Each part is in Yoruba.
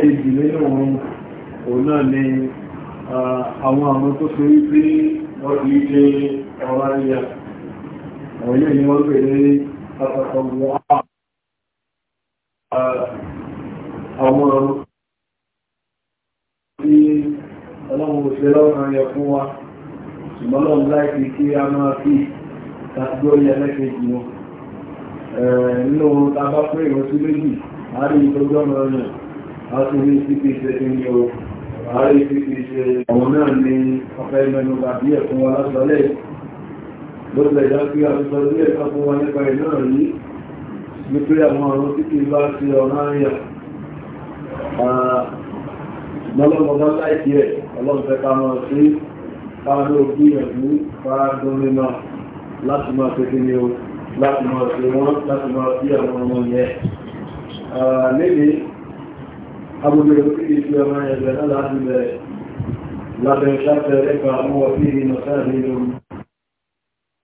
èjì nínú òun náà ni àwọn àwọn tó ṣe rí pé wọ́n ti ṣe ọ̀rá ìyà àwọn ilé ni wọ́n ní àwọn tí ọlọ́run fún wa ṣùgbọ́n kí a máa fi àtúrísìkì ṣe tí ní o àrísìkì ṣe àwọn náà ní ọ̀fẹ́ mẹ́nu tàbí ẹ̀kún wa lásọlẹ̀ lọ́pẹ̀ ìdákí àtúsọ sí ẹ̀kọ́ fún wa nípa ìnáà rí ní pé àwọn àrùn tí kì bá ti ọ̀nà àríyà lọ́lọ́mọdá láìkí ẹ̀ ọlọ́pẹ̀ ká máa sí káàdó gbìyànjú fáádọ́mínà láti máa ṣe kí ni o láti máa ṣe wọ́n láti máa bí àwọn ọmọ yẹn أبو يقيس وما يزال العبد لقد شفت لك هو فيه مساجد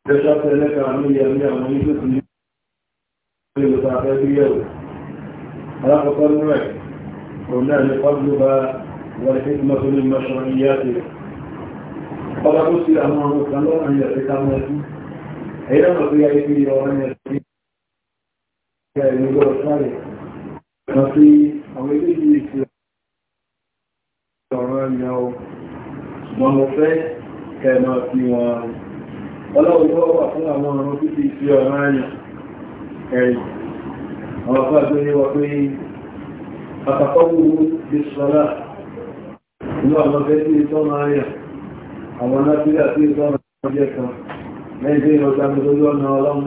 كشفت لك عمي يميع منيسة لتعتبر يوم رفض النوع هناك فضلها والحكمة من مشروعياتها فلا تسي أمامك الله أن يتكامل إلى مطيعه وأن يتكامل يقول الصالح نصيب àwọn ilé yìí fi ọ̀rọ̀ ẹ̀yàn o ṣùgbọ́n mo fẹ́ kẹ̀mọ̀ sí wọn ọlọ́run tó wà fún àwọn ọ̀rọ̀ títí sí ọ̀rọ̀ ẹ̀yàn ẹ̀yìn àwọn afọ́ àti oníwọ̀ pé àtàkọ́wò bí sọ́lá inú àwọn ọ̀fẹ́ sí ìtọ́nà ẹ̀yàn àwọn anáfíà sí ìtọ́nà ẹ̀yẹ kan lẹ́yìn tí ìrọ̀ta mi lórí ọ̀nà ọlọ́run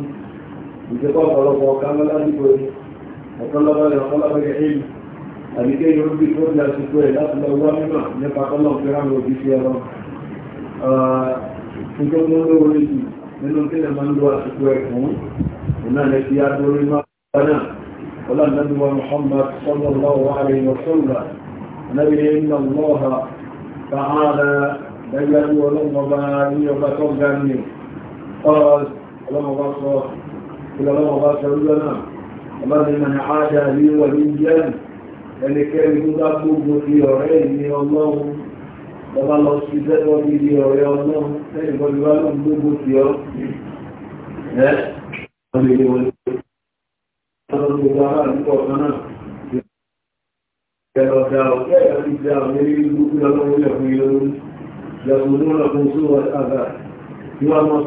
ìjẹ́kọ́ ọ̀pọ̀lọpọ̀ ọ̀kan lọ́lá àdìkẹ́ yóò bí tó bí àsìkò ẹ̀ láti lọ wá mímọ̀ nípa tọ́lọ̀ fi rán lọ bí sí ẹran tó mú lówó lójú nínú kí lè máa ń lo àsìkò ẹ̀ fún ìná lè fi adórí máa náà ọlá nàbí wa Muhammad sallallahu alaihi wa sallam nàbí iná lọ́ha ta'ala ẹgbẹ́ ní ọlọ́mọba ní ọba tó ga ní ọlọ́mọba sọ ìlọ́mọba sọ ìlọ́nà ọlọ́mọba sọ ìlọ́nà ẹnikẹ́ni tó bá gbogbo di ọ̀rẹ́ ìní ọlọ́run lọ́ba lọ sí sẹ́gbọ́n bí di ọ̀rẹ́ ọlọ́run lẹ́yìn bọ́dí wá ló ń gbogbo di ọ́ ẹ́ ọmọ ìlú wọn lọ́dọ̀ gbogbo ara nípa ọ̀kan náà ẹ̀rọ da ọ̀kẹ́ ẹ̀rọ ti da ọ̀rẹ́ ìlú gbogbo lọ́wọ́ ilẹ̀ fún ilé orí yàtọ̀ ní wọn fún sówọ́ àgbà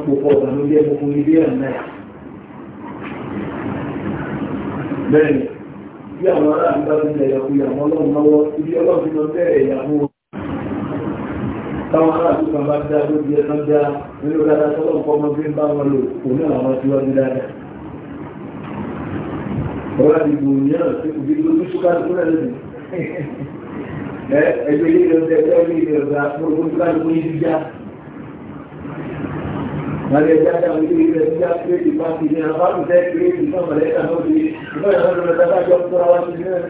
tí bẹ́ẹ̀ni bí àwọn ará àti bàbá ilẹ̀ ìyàwó ìyàwó ọlọ́run lọ́wọ́ ibi ọlọ́run ti lọ bẹ̀rẹ̀ ìyàwó táwọn ará àti bàbá dá lóbi ẹ̀ náà dá nínú dáadáa tó lọ́wọ́ ọmọ bí ń bá wọn lò òun náà àwọn ti wájú dáadáa. ọ̀rọ̀ àti ìgbòho ní ọ̀rọ̀ tí kò bí lójú ṣúkà tó náà lè ẹgbẹ́ ilé ìrọ̀lẹ́ ẹgbẹ́ ilé ìrọ̀lẹ́ Malaysia àwọn ilé ilẹ̀ tí a kéré ti bá ti ní àbájú tẹ́ kéré ti sọ Malaysia náà ti ìfẹ́ ìrọ̀lẹ́ lọ́dọ̀ tàbí àjọ tó ra wá sí náà.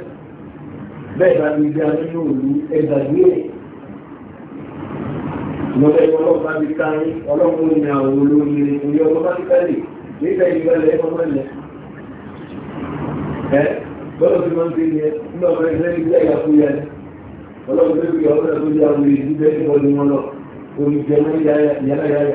Bẹ́ẹ̀ bá ti di àwọn inú òlu ẹgbà gbé. Ìmọ̀lẹ́ ọlọ́run bá ti ká ní ọlọ́run ní àwọn olóyè orí ọmọ bá ti kálẹ̀ nígbà ìgbàlẹ̀ ẹ̀kọ́ mọ́lẹ̀. Ẹ bọ́lá ti máa tó ń fi ọ̀rẹ́ tó yà wọlé ìdíbẹ́ ìbọn ni wọ́n lọ. Olùjẹ́ náà yára yára.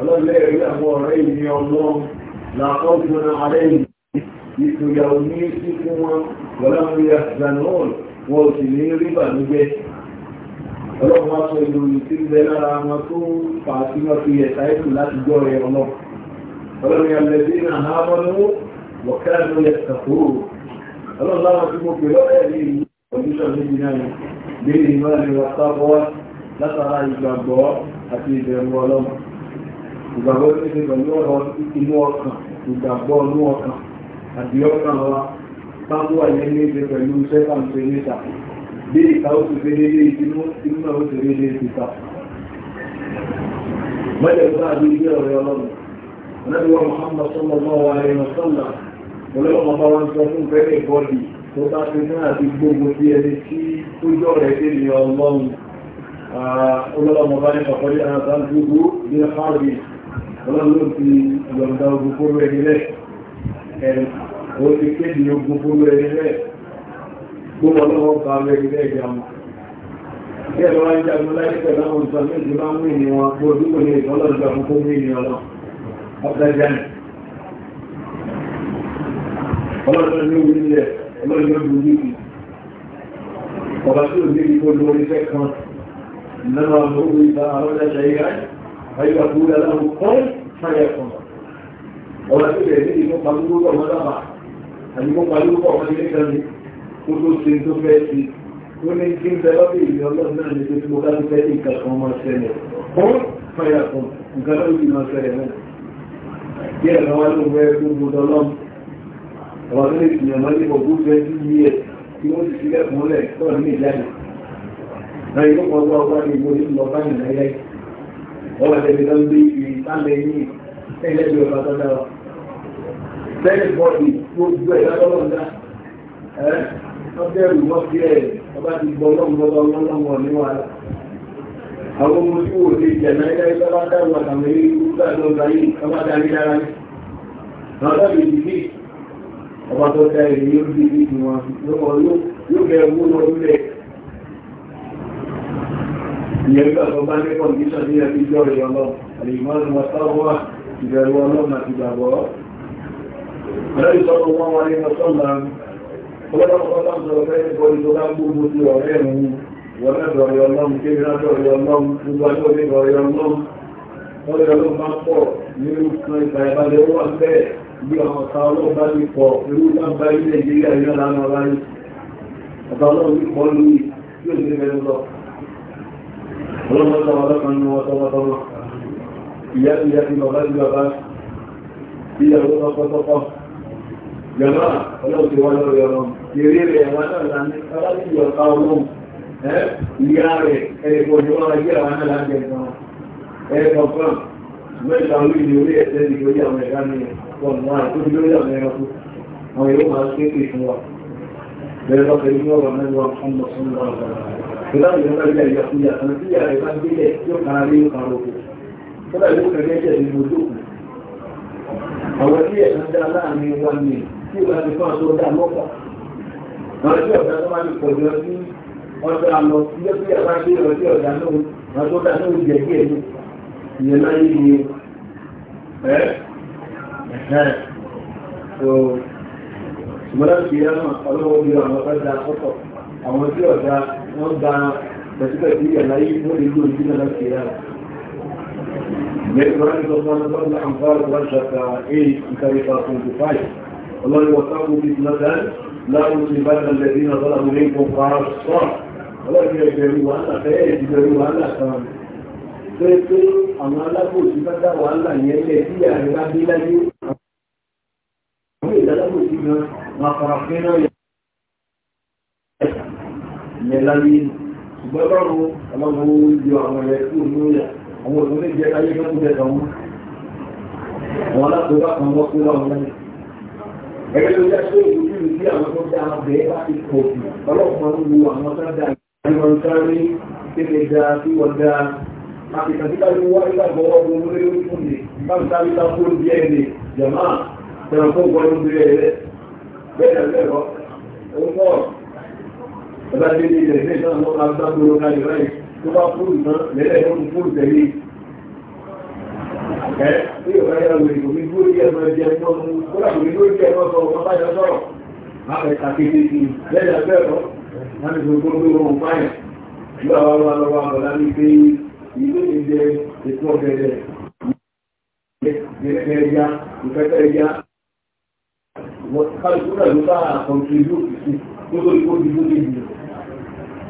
ọlọ́lẹ́rí àwọn ọ̀rẹ́ ìní ọmọ làkọ́jọ́nà àrẹ́yìn ìtòyàwó ní sí fún wọn wọ́láwọ́ ya zanon wọ́n sì ní rí bànújẹ́ ọlọ́run wá sọ ìròyìn tí ń bẹ lára wọn tó fà á sí wọn fi ẹ̀ta ètò láti gbọ́ rẹ̀ ọlọ́ ọlọ́run ya lẹ́bí ní àhámọ́nú wọ̀kẹ́rẹ́ ló yẹ sàkó ọlọ́run láwọn tí mo pè lọ́rẹ́ ní ìlú ọdúnṣọ́ níbi náà lé ìmọ̀ ìrọ̀sáfọ́ látara ìgbàgbọ́ ìgbàgbọ́ tó ṣe pẹ̀lú ọ̀rọ̀ inú ọkàn ìgbàgbọ́ inú ọkàn àbí ọkàn wa tábú àyè ní ṣe pẹ̀lú iṣẹ́ kàǹtẹ̀ níta bí ìta ó ti ṣe déédé ìdínú inú náà ó ti déédé ìta mọ́jẹ̀ tó àbí ilé ọ̀rẹ́ ọlọ́run ọ̀nàbí wa Muhammad sallallahu alaihi wa sallam ọlọ́run ọba wa ń sọ fún fẹ́rẹ̀ bọ́ọ̀lì tó bá ti ní àti gbogbo sí ẹni tí ó jọ rẹ̀ dé ní ọlọ́run ọlọ́run ọba ní kọ̀kọ́rí àtàkùn gbogbo ní ọlọ́run ti yọ̀ǹda ogun fóró ẹni rẹ̀ ó ti kéde ogun fóró ẹni rẹ̀ gbogbo ọlọ́wọ́ bá ẹni rẹ̀ jàmù kí ẹ̀rọ wá ń jagun láyé pẹ̀lú àwọn ìtàn méjì bá mú ìní wọn kó dúkò ní ìtàn ọlọ́run jagun kó mú ìní ọlọ́ ọ̀dà jẹ́nì ọlọ́run ní orí ilẹ̀ ọlọ́run ló dùn níbi ọba tí ò ní ìgbó lórí fẹ́ kan nínú àwọn òwúrọ̀ ìta àwọn ọjà ṣe فيقول له قل فيقول ọ̀rọ̀ tó lè ní ìmúpa lórúkọ ọmọ dábà àyíkópa lórúkọ ọmọ ilé kan ní kó tó ṣe tó fẹ́ sí ó ní kí n tẹ́lọ́ bí ìlú ọlọ́run náà ní tó tí mo bá ti fẹ́ ní nǹkan kan ọmọ ṣẹlẹ̀ fún fàyà kan nǹkan ló ti lọ ṣẹlẹ̀ náà bí ẹ̀rọ wa ló fẹ́ kó mo dọ́lọ́m ọ̀rọ̀ tó lè tìyàn máa ní ọgbó fẹ́ sí yí ẹ̀ tí wọ́n ti fi lẹ́kùn lẹ̀ tọ́ ní ìjáde náà ìlú kan wá wá ní ìgbó ọwọ́ ẹ̀sẹ̀ ìdíkan gbé ibi sálẹ̀ yìí ẹ̀lẹ́ ọba tó dára bẹ́ẹ̀ bọ́ọ̀dì tó gbé ẹ̀dá tọ́lọ̀ ọbẹ̀rù wọ́n fi ẹ̀ ọba ti gbọ́ lọ́mọdọ́ lọ́mọ àwọn ọmọ tí wò ní dára ìyẹ̀rí ọ̀sán bá ní kọ̀ndíṣà ní ẹbí jọ rẹ̀ ọlọ́ àlèmọ́rin wọn sáwọ́ ìbẹ̀rù ọlọ́run àti ìgbàgbọ́ ọlọ́rin sọ́rọ̀ wọn wáyé lọ́sọ́lá ọlọ́run sọ̀rọ̀ fẹ́ẹ́ kọ́ ìjọba gbogbo ti ọ̀rẹ́ ẹ̀rùn wọn lẹ́dọ̀ọ̀rẹ́ ọlọ́run kébìrádọ̀ọ̀rẹ́ ọlọ́run gbogbo ajọ́ọ̀rẹ́ ọlọ́run wọ́n lè lọ máa pọ̀ ní ìkan ìgbà ìbálẹ̀ ó wà bẹ́ẹ̀ bí àwọn ọ̀ta ọlọ́run bá ti pọ̀ irú lágbàá ilẹ̀ ìgbéga ìyọ́ra náà láyé ọ̀tá ọlọ́run ti pọ̀ lórí yóò ṣe fẹ́ lọ ọlọ́mọ tọwọ́ lọ́kàn ní wọ́n tọwọ́ tọwọ́ ìyá ti yá ti bàbá ti bàbá ìyàwó tọkọtọkọ jọba ọlọ́run ti wá lórí ọ̀rọ̀ ìrírí rẹ̀ wá náà láti ọlá ní ìyọ̀ká ọlọ́run ìyá rẹ̀ ẹ̀ẹ́dẹ̀kọ̀ ni wọ́n ayé àwọn náà láti ẹ̀kan ẹ̀ẹ́dẹ̀kọ̀ kan mẹ́ta orí ni orí ẹ̀sẹ̀ ni orí àwọn ẹ̀dá ni ọ̀nà àìkóbi lórí àwọn ẹranko àwọn yóò máa ń ké pè fún wa bẹ́ẹ̀ lọ́kẹ́ ní ọ̀rọ̀ mẹ́wàá fún ọ̀sán lọ́wọ́ ìbáwọ̀ ìjọba ìjà ìjàkújà kan tí ìyá rẹ̀ bá gbélẹ̀ yóò kára lé yóò kára oko kódà yóò kẹ̀kẹ́ ẹ̀jẹ̀ ní ojú òkú àwọn tí ẹ̀ka ń dá láàrin wa ní tí ìwà ti fún àtúntò dá mọ́fà àwọn tí ọ̀dà tó máa ń pọ̀ jọ sí ọ̀dà lọ sí ẹgbẹ́ ìyá bá gbé lọ sí ọ̀dà náà àwọn wọ́n gba pẹ̀sípẹ̀sí ìyàláyé wọ́n lè lò ní ìlànà kìíyà Ọlọ́run wọ̀tọ́kùn bí lọ́dá láàrín ìbára lẹ́dínà lọ́la mú ní kò pàá sọ́rọ̀. Ọlọ́run ẹgbẹ̀rún wàhálà fẹ́ ìgbẹ̀rún wàhálà kan pé pé àwọn alábòsí bá dá wàhálà yẹn lẹ̀ sí àríwá bí láyé àwọn ìdálábòsí gan-an máa ìyẹn láyé ṣùgbọ́n lọ́rùn ọlọ́run ó yọ àwọn ẹ̀rẹ́ kúrò ní òyà àwọn òṣèlú lè jẹ́ láyé lọ́kùn jẹ́ kan wọn àwọn alákòóbá kan wọ́n kó lọ́rùn lẹ́yìn ẹgbẹ́ ló yá sí ìlú bí ìlú àwọn tó dá abẹ́ bá ti pọ̀ jù ọlọ́pàá ń wo àwọn tó dá ìwọ̀n sáré kéde dá sí wọ́n dá àtìkàtíkà ló wá nígbàgbọ́ ọdún lórí fún mi bá ń sáré tá kó bí ẹni jẹ̀má tẹ̀rọ̀ fún gbọ́dọ̀ bí ẹ̀rẹ́ bẹ́ẹ̀ ọ̀dá tí ó ní ilẹ̀ ìfẹ́ náà lọ́pàá sáàkúrò láti ráì tó bá fún ìtàn lẹ́lẹ̀ ẹ̀rọ fún ìtẹ̀lé ẹ̀ tí yóò ráyà lórí omi gbórí ẹ̀rọ ẹ̀jẹ̀ ẹ̀mọ́ mú kódà kò ní lórí ẹ̀rọ sọ ọmọ bá yọ sọ̀rọ̀ láti àkété sí lẹ́yìn abẹ́ ẹ̀rọ láti fi gbogbo ohun fáyà nígbà wà wà lọ́wọ́ àbọ̀lá ní pé ilé ìjẹ ètò ọ̀gẹ̀dẹ̀ ìfẹ́fẹ́ ẹja ìfẹ́fẹ́ ẹja ló bá kọ̀ǹtì ìlú òkìsí tó tó ìkó ìlú lè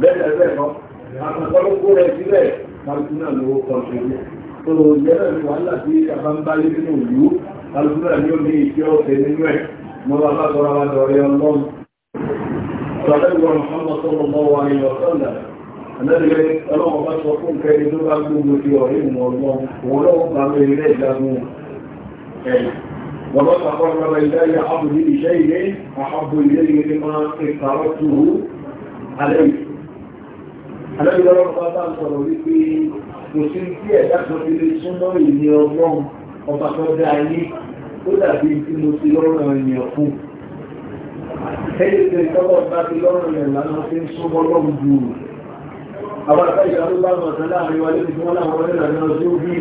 bẹ́ẹ̀ bẹ́ẹ̀ lọ àwọn ọlọ́kọ́ rẹ̀ sílẹ̀ kálukú náà ló kọ́ ṣe ní tó yẹ́nà ní wàhálà tí àbá ń bá lé nínú ìlú kálukú náà ní omi ìfẹ́ ọ̀fẹ́ nínú ẹ̀ mọ́ bá bá tọrọ wa dọ̀rẹ́ ọlọ́run sọ̀rọ̀ Muhammad sallallahu alaihi wa sallam àlẹ́lẹ́ ọlọ́run bá sọ fún kẹni tó bá gbogbo ti ọ̀rẹ́ ìmọ̀ ọlọ́run òun lọ́wọ́ bá lórí rẹ̀ ìdánú ẹ̀ wọ́n bá sàkọ́ ọ̀rọ̀ ìdáyà àbùdí ìṣẹ́ ilé àbùdí ilé ìgbẹ́ máa ń kẹta ọ̀tún alẹ́gbẹ̀rẹ́ ọba bá ń sọ̀rọ̀ wípé kò sí sí ẹ̀dá kan tí lè súnmọ́ ìní ọlọ́run ọba tó dá ayé ó dàbí tí mo ti lọ́rùn ènìyàn fún ẹ̀yẹ tí ìtọ́wọ́ bá ti lọ́rùn rẹ̀ lánàá fi ń súnmọ́ lọ́rùn jù àwọn àtàyè àwọn bá mọ̀ sálá àárín wa lórí tí wọ́n láwọn ọlẹ́rìn àjọ tí ó bí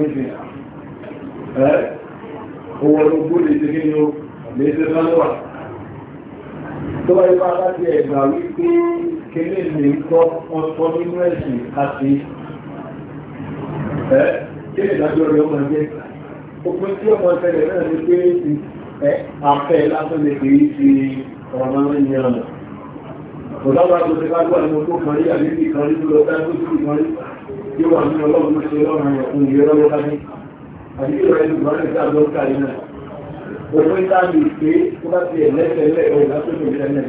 ni wọ́n owó ló gbó lè ṣe nínú léṣe lọ́wọ́ tó bá yípa láti ẹ̀gbà wípé kéré lè ń kọ́ wọn sọ nínú ẹ̀sìn àti ẹ́ kí ìdájọ́ rẹ̀ ọmọ ẹgbẹ́ òpin tí ọmọ ẹgbẹ́ náà ní pé ẹ afẹ́ lásán lè pè é ṣe ọ̀rọ̀ náà ní ọ̀nà ọ̀dáwà tó ti bá gbọ́ ẹ̀mọ́ tó kan rí àbí ìkan rí tó lọ sáyẹ́ tó sì kan rí yóò wà nínú ọlọ́run tó ṣe lọ́rùn ẹ̀kún ìrẹ́lọ́wọ́ ká àbí ìrọ̀ ẹni ìgbọ́n ẹ̀ta ló ń kárí náà òun ń tá lè pé tó bá ti ẹ̀lẹ́sẹ̀ lẹ̀ ọ̀gá tó lè lẹ́lẹ̀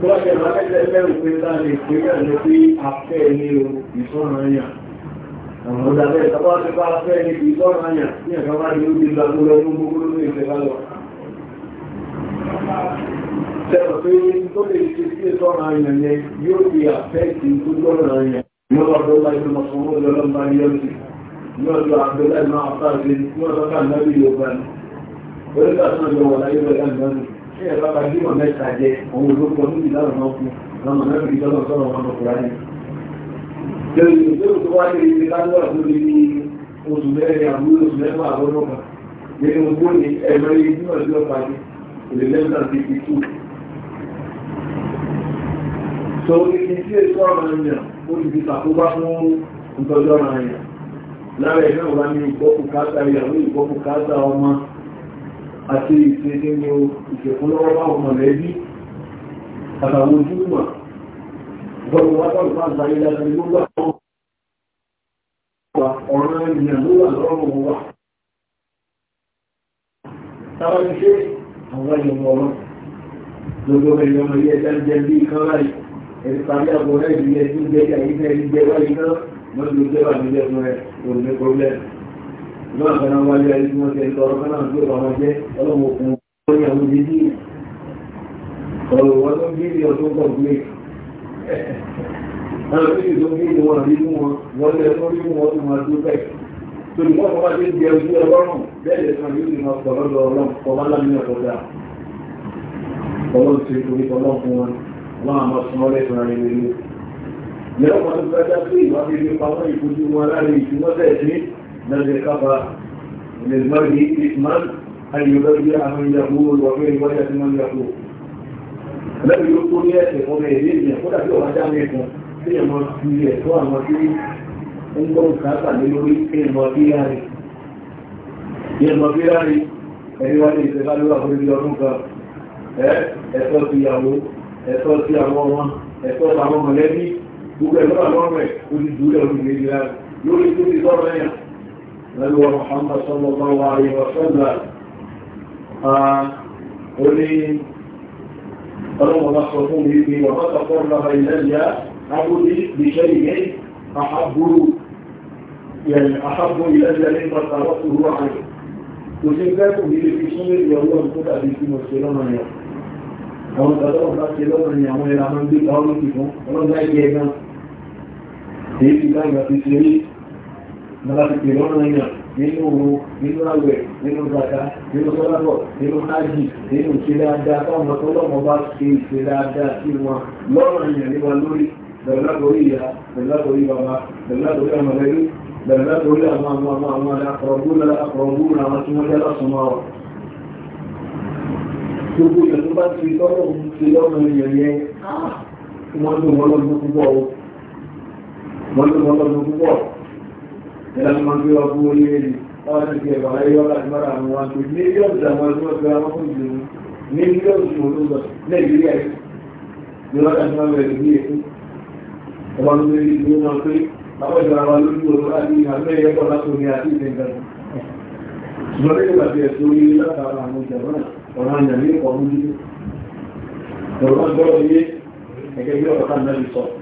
tó bá ti ẹ̀lẹ́sẹ̀ lẹ̀ òun pé tá lè pé kẹ́lẹ́ pé afẹ́ ní ìsọ́nà yàn àwọn ọ̀dàbẹ̀ tó bá ti bá afẹ́ ní ìsọ́nà yàn ní ẹ̀ka bá ní ó ti gba gbogbo ọdún gbogbo lórí ìṣẹ̀lá lọ sẹ́wọ̀n pé tó lè ṣe sí ìsọ́nà yàn yẹn yóò fi àfẹ́ sí ìtúgbọ́nà yàn ní ọ̀dọ́ ní ọjọ́ àgbẹ̀lá ìmọ̀ àfáàgbé ní ọjọ́ kàmẹ́lì yóò bá ní oríkà tó ń lọ wọ̀ láyé rẹ̀ lẹ́nu ṣé ẹ̀rọ bá bí wọn mẹ́ta jẹ òun olóko níbi láwọn náà fún lọ́mọ náà fi tọ́lọ̀ sọ́rọ̀ wọn lọ́kùnrin rẹ̀. lórí ìgbésẹ̀ tó wáyé ilé lálẹ́ ọ̀dọ́ ní oṣù mẹ́rin àbúrò oṣù mẹ́fà àbọ̀lọ́kà nínú gbóni ẹ̀rọ lára ẹ̀ náà wá ní ìgbọ́kùkátà ìyàwó ìgbọ́kùkátà ọmọ àti ìṣẹ́dé ní ìṣẹ̀kúnlọ́wọ́ bá ọmọ rẹ̀ bí àtàwọn ojúmọ̀ gbọ́nà wá tọ́lù fà gbáyé láti gbogbo àwọn ọ̀rọ̀ ènìyàn ló wà lọ́rùn wa tára ní ṣe àwọn ìyọmọ ọ̀rọ̀ gbogbo ẹ̀yọ́ ọmọ ilé ẹ̀dá jẹ bí kan láì ẹ̀rí parí àgbọ̀rẹ́ ìdílé ẹ̀dí jẹ́ àyíká ẹ̀rí jẹ báyìí náà mọ́jú jẹ́bà ní jẹ́ fún ẹ òní problem náà kan náà wáyé ayé tí wọ́n ṣe ìtọ́ ọ̀rọ̀ náà tó ọmọ jẹ́ ọlọ́mọ òkun ó ní àwọn jíjí ọ̀rọ̀ wọn tó bí ìdí ọdún pọ̀ gbé àwọn tó bí ìdí ìdí wọn àbí fún wọn wọ́n lẹ́ tó rí fún wọn tó máa tó bẹ́ẹ̀ tó ní wọ́n máa ti di yẹ́n wọ́n tó gbájá pé ìwádìí ní pamọ́ ìfojú wọn láàrin ìtumọ́tẹ̀ sí lẹ́sẹ̀ kápá ìlẹ̀gbọ́n ìtìsmán ayọ̀lọ́bí àwọn ìyàwó olùwàfẹ́ ìwájá tí wọ́n yàwó lẹ́bí ó tó ní ẹ̀sẹ̀ fọ́mọ èdè ìyẹn kó dàbí ọ̀wá já mẹ́kan tí ẹ̀ mọ fi ẹ̀tọ́ àwọn tí ń gbọ́ ìsáàtà lé lórí ẹ̀ mọ bí láàrin ẹ̀ mọ bí láàrin ẹ̀rí wá ní ìyàwó ẹ̀tọ́ ti àwọn ọmọ ẹ̀tọ́ ti àwọn mọ̀lẹ́bí gbogbo ẹ̀ lọ́wọ́ lọ́rọ̀ ẹ̀ ó ti dúró ẹ̀rù méjì lára lórí tó ti lọ́rọ̀ ẹ̀yà lẹ́lúwọ̀ Muhammad sallallahu alaihi wa sallam ó ní ọlọ́wọ́ bá sọ fún mi pé wọ́n bá sọ lọ́wọ́ ìlẹ́yà abúlé bìṣẹ́ ìyẹn àhábúrú يعني أحب إلى ذلك ما تعرفه عنه وشكاكم إلى في شمال يوم كل أبيك مرسلون يوم أو تدعو مرسلون يوم يرامن بك أو لكم أو لا يجيبنا kìí ti dáìgbà ti ṣe rí nígbà ti pèrè ọ̀nà èèyàn nínú oru nínú àwẹ̀ nínú gbàgbà nínú sọ́lábọ̀ nínú ájì nínú ìṣe dáadáa táwọn ọmọ ọlọ́mọ bá ṣe ìṣe dáadáa sí wọn lọ́nà èèyàn ní wa lórí bẹ̀rẹ̀ látòrí ìyá bẹ̀rẹ̀ látòrí bàbá bẹ̀rẹ̀ látòrí àwọn ẹlú bẹ̀rẹ̀ látòrí àwọn wọ́n tó bá ti tọ́lọ́ wọ́n ló wọ́n lọ́dún púpọ̀ ẹ̀lẹ́nu máa ń gbé ọkú orí ẹni láwọn ti fi ẹ̀bà ayé wọ́n láti mọ́ra àwọn wọn pé mílíọ̀nù àwọn ẹgbẹ́ ọ̀gbẹ́ wọn fún ìlú mílíọ̀nù olóògbà nàìjíríà yìí ni wọ́n láti máa bẹ̀rẹ̀ ní èkó ọba ló lórí ìlú náà pé àwọn ìjọ àwọn lójú òru láti àgbẹ̀ ẹ̀kọ́ láti omi àti ìdẹ́gbẹ̀ ṣùgbọ́n ní ìgbà tí ẹ̀ tó yé látara àwọn ìjàmbá ọ̀rọ̀ àjàmí ọ̀rọ̀ àjọ́ yé ẹ̀kẹ́ bí ọ̀rọ̀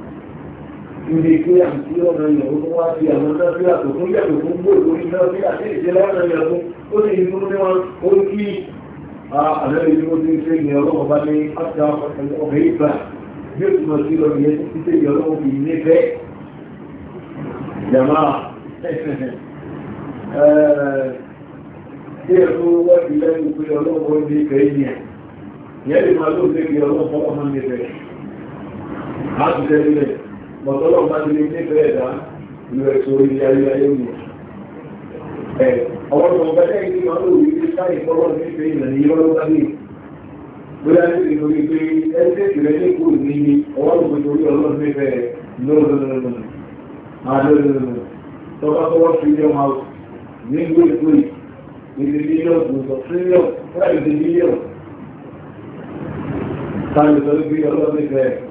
ìrè pé àti ọ̀nà ìyàwó wá sí àwọn náfíà tó fún yàtọ̀ fún gbòòrò náfíà sí ìṣẹ́lẹ̀ ọ̀nà ìyàwó ó sì ní fún ó kí àlẹ́rìí tí ó ṣe ìyẹn ọlọ́wọ́ bá ní áṣà ọ̀fẹ́ ìgbà bí ó ti sí lọ ìyẹn ti ṣe ìyẹn ọlọ́wọ́ fi ní fẹ́ yàmá ṣé ẹ̀kọ́ wọ́ọ̀dì lẹ́nu pé ọlọ́wọ́ ní ìfẹ́ ìyẹn ìyẹn lè máa lóòótọ́ ìyẹn ọlọ́wọ́ fọlọ́mọ mọ̀tọ́lọ̀ máa ní nífẹ̀ẹ́ ẹ̀dá ìlú ẹ̀tọ́ orí ayé ayé mi ẹ̀ ọwọ́ tó ń bẹ́ẹ̀ ní wọn lò wípé sáyé fọ́lọ́ nífẹ̀ẹ́ ìlànà yìí lọ́wọ́ bá bíi bóyá ní ìlú wípé ẹgbẹ́ ìrẹ́ ní kò ní ọwọ́ tó gbèsè orí ọlọ́run nífẹ̀ẹ́ lọ́wọ́lọ́wọ́ tọ́ka tọ́wọ́ freedom house ní ìlú èkó yìí ìdí mílíọ̀nù sọ freedom fúláì ìdí mílíọ̀nù táyọ̀ sọ wípé ọlọ́run nífẹ̀ẹ́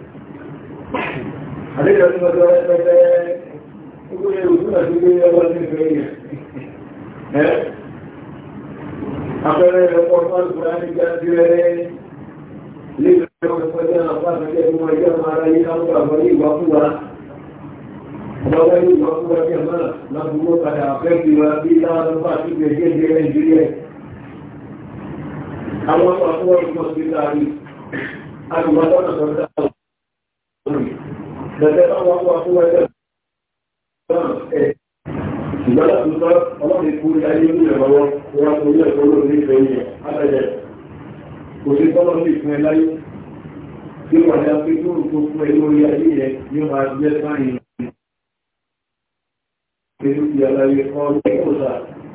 àlejò ní ọjọ́ ẹgbẹ́ ìgbóyè òjúmọ̀ sí pé ọwọ́ ní ìfẹ́ yẹn apẹẹrẹ ẹ̀kọ́ fáàlùkùnrin ní gbájú rẹ̀ lè rẹ̀ ọ̀pọ̀ jẹ́ àpáàkùn jẹ́ ìwọ̀n ẹgbẹ́ ọmọ ara yìí láwọn àgbọ̀ ní ìwà fún wa ọlọ́wọ́ ní ìwà fún wa jẹ́ máa lábúgbó padà àfẹ́kì wa bí láwọn àwọn ọmọ àfọwọ́ ìfọ̀sí láàrin Bẹ̀rẹ̀ àwọn àwọn àwọn ẹgbẹ́ ìgbàlá tó sọ ọlọ́rin kú ní ayé ní ẹ̀rọ wọn wọ́n tó ní ẹ̀kọ́ lórí ìfẹ́ yẹn àtẹ̀jẹ̀ kò sí tọ́lọ́ sí ìfún ẹ láyé tí wà ní afẹ́jọ́rù tó fún ẹ lórí ayé yẹn ní máa jẹ́ sáyìn pẹ̀lú ti aláyé kan ní ọ̀sà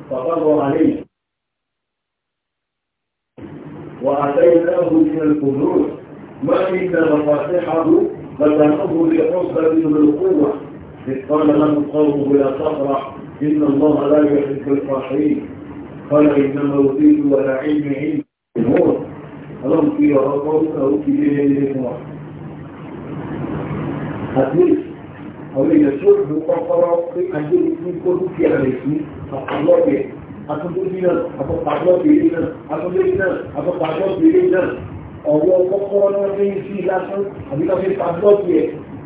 bàbá bọ̀ àlẹ́ yìí wà àtẹ́yìn náà bó ti ẹ̀kọ́ lórí máa ń gbà بل فتنظر لحسن من القوة إذ قال له قومه لا تفرح إن الله لا يحب الفرحين قال إنما أوتيت ولا علم عندي الجمهور ألم في رقم أو في جهة حديث àwọn èèyàn tí ó lò kọ́kọ́rọ́ pé كل ní kó dúkìá rẹ̀ sí àpọ̀lọ́bẹ̀ àtúndójú náà àpọ̀pàdọ́bẹ̀ẹ́rẹ́ náà àtúndójú náà ọ̀rọ̀ kọ́kọ́rọ́ náà fi sí lásán àbí lọ́ fi ẹ̀